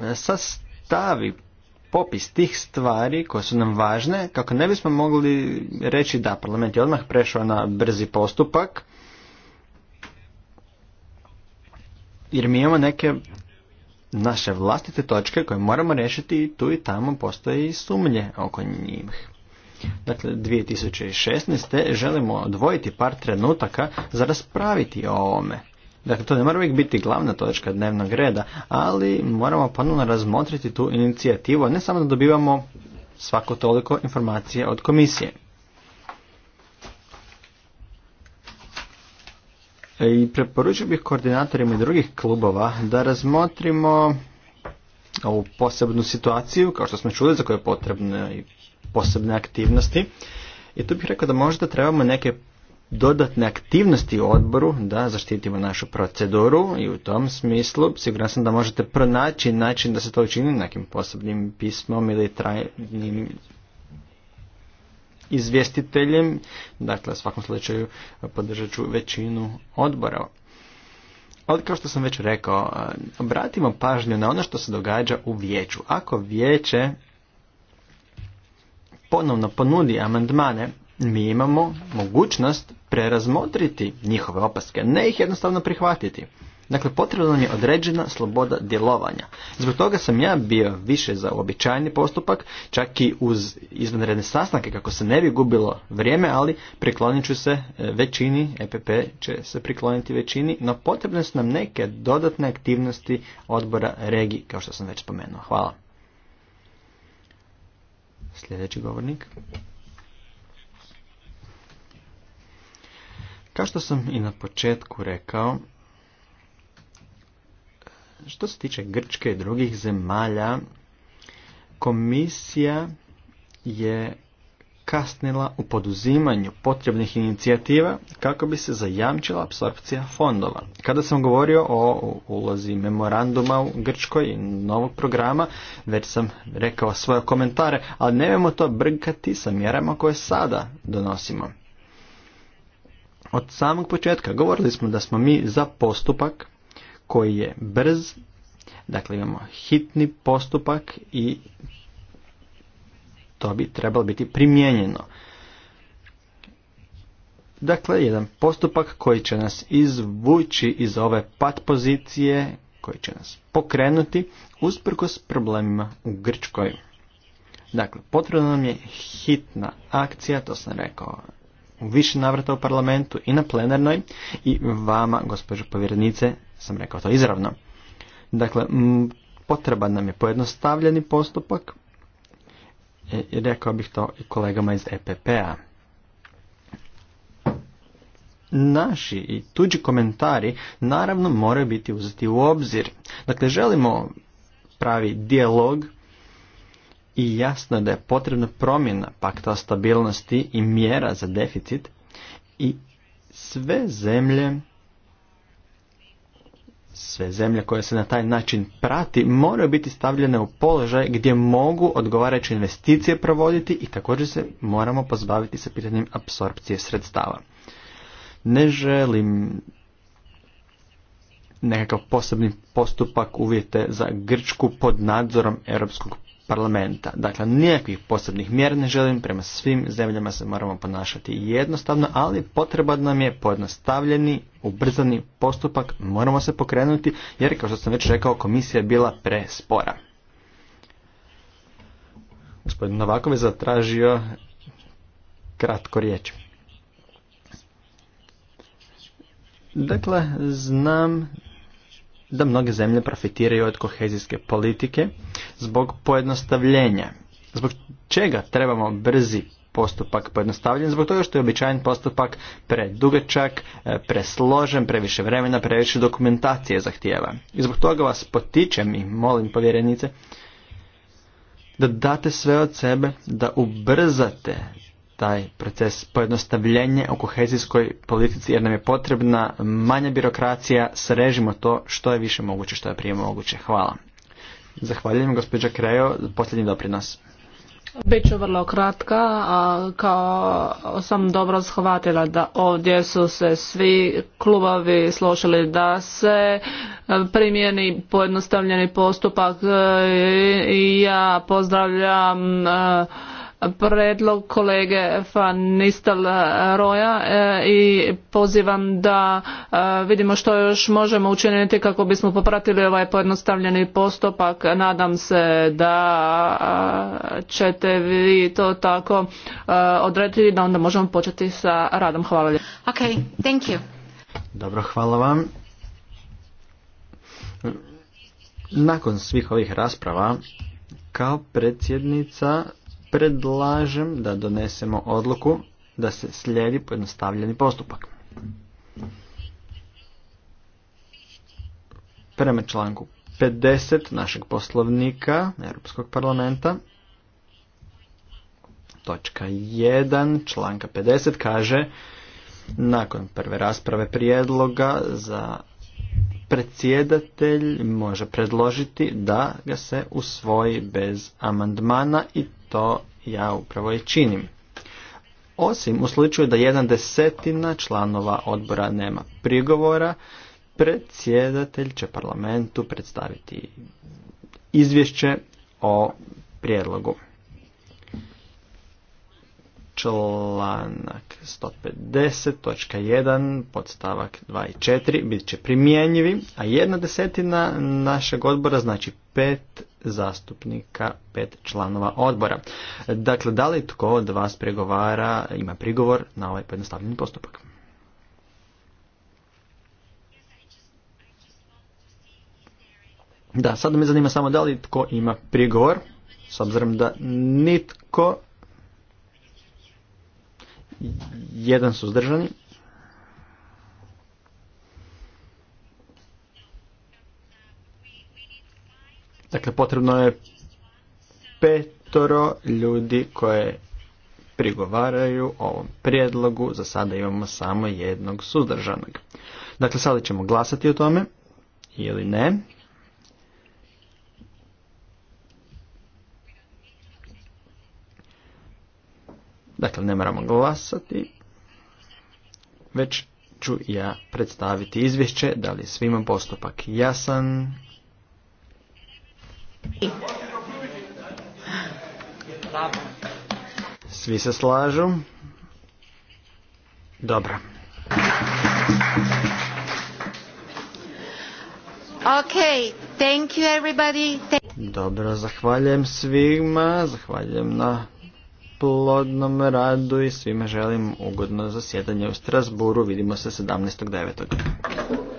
e, sastavi popis tih stvari koje su nam važne, kako ne bismo mogli reći da parlament je odmah prešao na brzi postupak, jer mi imamo neke naše vlastite točke koje moramo riješiti i tu i tamo postoje i sumnje oko njih dakle 2016. želimo odvojiti par trenutaka za raspraviti o ovome. Dakle, to ne mora uvijek biti glavna točka dnevnog reda, ali moramo ponovno razmotriti tu inicijativu, ne samo da dobivamo svako toliko informacije od komisije. E, I preporučio bih koordinatorima i drugih klubova da razmotrimo ovu posebnu situaciju, kao što smo čuli, za koju je potrebno i posebne aktivnosti. I tu bih rekao da možda trebamo neke dodatne aktivnosti u odboru da zaštitimo našu proceduru i u tom smislu siguran sam da možete pronaći način da se to učini nekim posebnim pismom ili trajnim izvjestiteljem. Dakle, u svakom slučaju podržat ću većinu odbora. Ali kao što sam već rekao, obratimo pažnju na ono što se događa u vijeću. Ako vijeće ponovno ponudi amandmane, mi imamo mogućnost prerazmotriti njihove opaske, ne ih jednostavno prihvatiti. Dakle, potrebna nam je određena sloboda djelovanja. Zbog toga sam ja bio više za običajni postupak, čak i uz izvanredne sastanke kako se ne bi gubilo vrijeme, ali priklonit ću se e, većini, EPP će se prikloniti većini, no potrebne su nam neke dodatne aktivnosti odbora regiji, kao što sam već spomenuo. Hvala. Sljedeći govornik. Kao što sam i na početku rekao, što se tiče Grčke i drugih zemalja, komisija je kasnila u poduzimanju potrebnih inicijativa kako bi se zajamčila apsorpcija fondova. Kada sam govorio o ulozi memoranduma u Grčkoj i novog programa, već sam rekao svoje komentare, ali nemojmo to brgati sa mjerama koje sada donosimo. Od samog početka govorili smo da smo mi za postupak koji je brz, dakle imamo hitni postupak i to bi trebalo biti primijenjeno. Dakle, jedan postupak koji će nas izvući iz ove pat pozicije, koji će nas pokrenuti, usprkos problemima u Grčkoj. Dakle, potrebna nam je hitna akcija, to sam rekao u više navrata u parlamentu i na plenarnoj i vama, gospođo povjerenice, sam rekao to izravno. Dakle, potreban nam je pojednostavljeni postupak, i rekao bih to i kolegama iz EPP-a. Naši i tuđi komentari naravno moraju biti uzeti u obzir. Dakle, želimo pravi dijalog i jasno je da je potrebna promjena pakta o stabilnosti i mjera za deficit i sve zemlje sve zemlje koje se na taj način prati moraju biti stavljene u položaj gdje mogu odgovarajuće investicije provoditi i također se moramo pozbaviti sa pitanjem apsorpcije sredstava. Ne želim nekakav posebni postupak uvjete za Grčku pod nadzorom Europskog parlamenta. Dakle, nijakvih posebnih mjera ne želim, prema svim zemljama se moramo ponašati jednostavno, ali potreba nam je pojednostavljeni, ubrzani postupak, moramo se pokrenuti, jer kao što sam već rekao, komisija je bila prespora. Gospodin Novakov je zatražio kratko riječ. Dakle, znam da mnoge zemlje profitiraju od kohezijske politike zbog pojednostavljenja. Zbog čega trebamo brzi postupak pojednostavljen zbog toga što je običajan postupak predugačak, e, presložen, previše vremena, previše dokumentacije zahtijeva. I zbog toga vas potičem i molim povjerenice da date sve od sebe, da ubrzate taj proces pojednostavljenje o kohezijskoj politici jer nam je potrebna manja birokracija, srežimo to što je više moguće, što je prije moguće. Hvala. Zahvaljujem gospođa Krejo, posljednji doprinos. Biću vrlo kratka, a kao sam dobro shvatila da ovdje su se svi klubovi složili da se primjeni pojednostavljeni postupak e, i ja pozdravljam e, predlog kolege Van Nistel Roja e, i pozivam da e, vidimo što još možemo učiniti kako bismo popratili ovaj pojednostavljeni postupak. Nadam se da e, ćete vi to tako odrediti da onda možemo početi sa radom. Hvala lijepo. Dobro, hvala vam. Nakon svih ovih rasprava, kao predsjednica predlažem da donesemo odluku da se slijedi pojednostavljeni postupak. Prema članku 50 našeg poslovnika Europskog parlamenta, točka 1 članka 50 kaže nakon prve rasprave prijedloga za predsjedatelj može predložiti da ga se usvoji bez amandmana i to ja upravo i činim. Osim u slučaju da jedna desetina članova odbora nema prigovora, predsjedatelj će parlamentu predstaviti izvješće o prijedlogu. Članak 150.1 podstavak 2 i 4 bit će primjenjivi, a jedna desetina našeg odbora znači pet zastupnika, pet članova odbora. Dakle, da li tko od vas pregovara, ima prigovor na ovaj pojednostavljeni postupak? Da, sada me zanima samo da li tko ima prigovor, s obzirom da nitko, jedan suzdržani. Dakle, potrebno je petoro ljudi koje prigovaraju ovom prijedlogu. Za sada imamo samo jednog suzdržanog. Dakle, sada ćemo glasati o tome ili ne. Dakle, ne moramo glasati, već ću ja predstaviti izvješće, da li je svima postupak jasan, svi se slažu. Dobro. Ok, thank you everybody. Dobro, zahvaljujem svima, zahvaljujem na plodnom radu i svima želim ugodno zasjedanje u Strasburu. Vidimo se 17.9.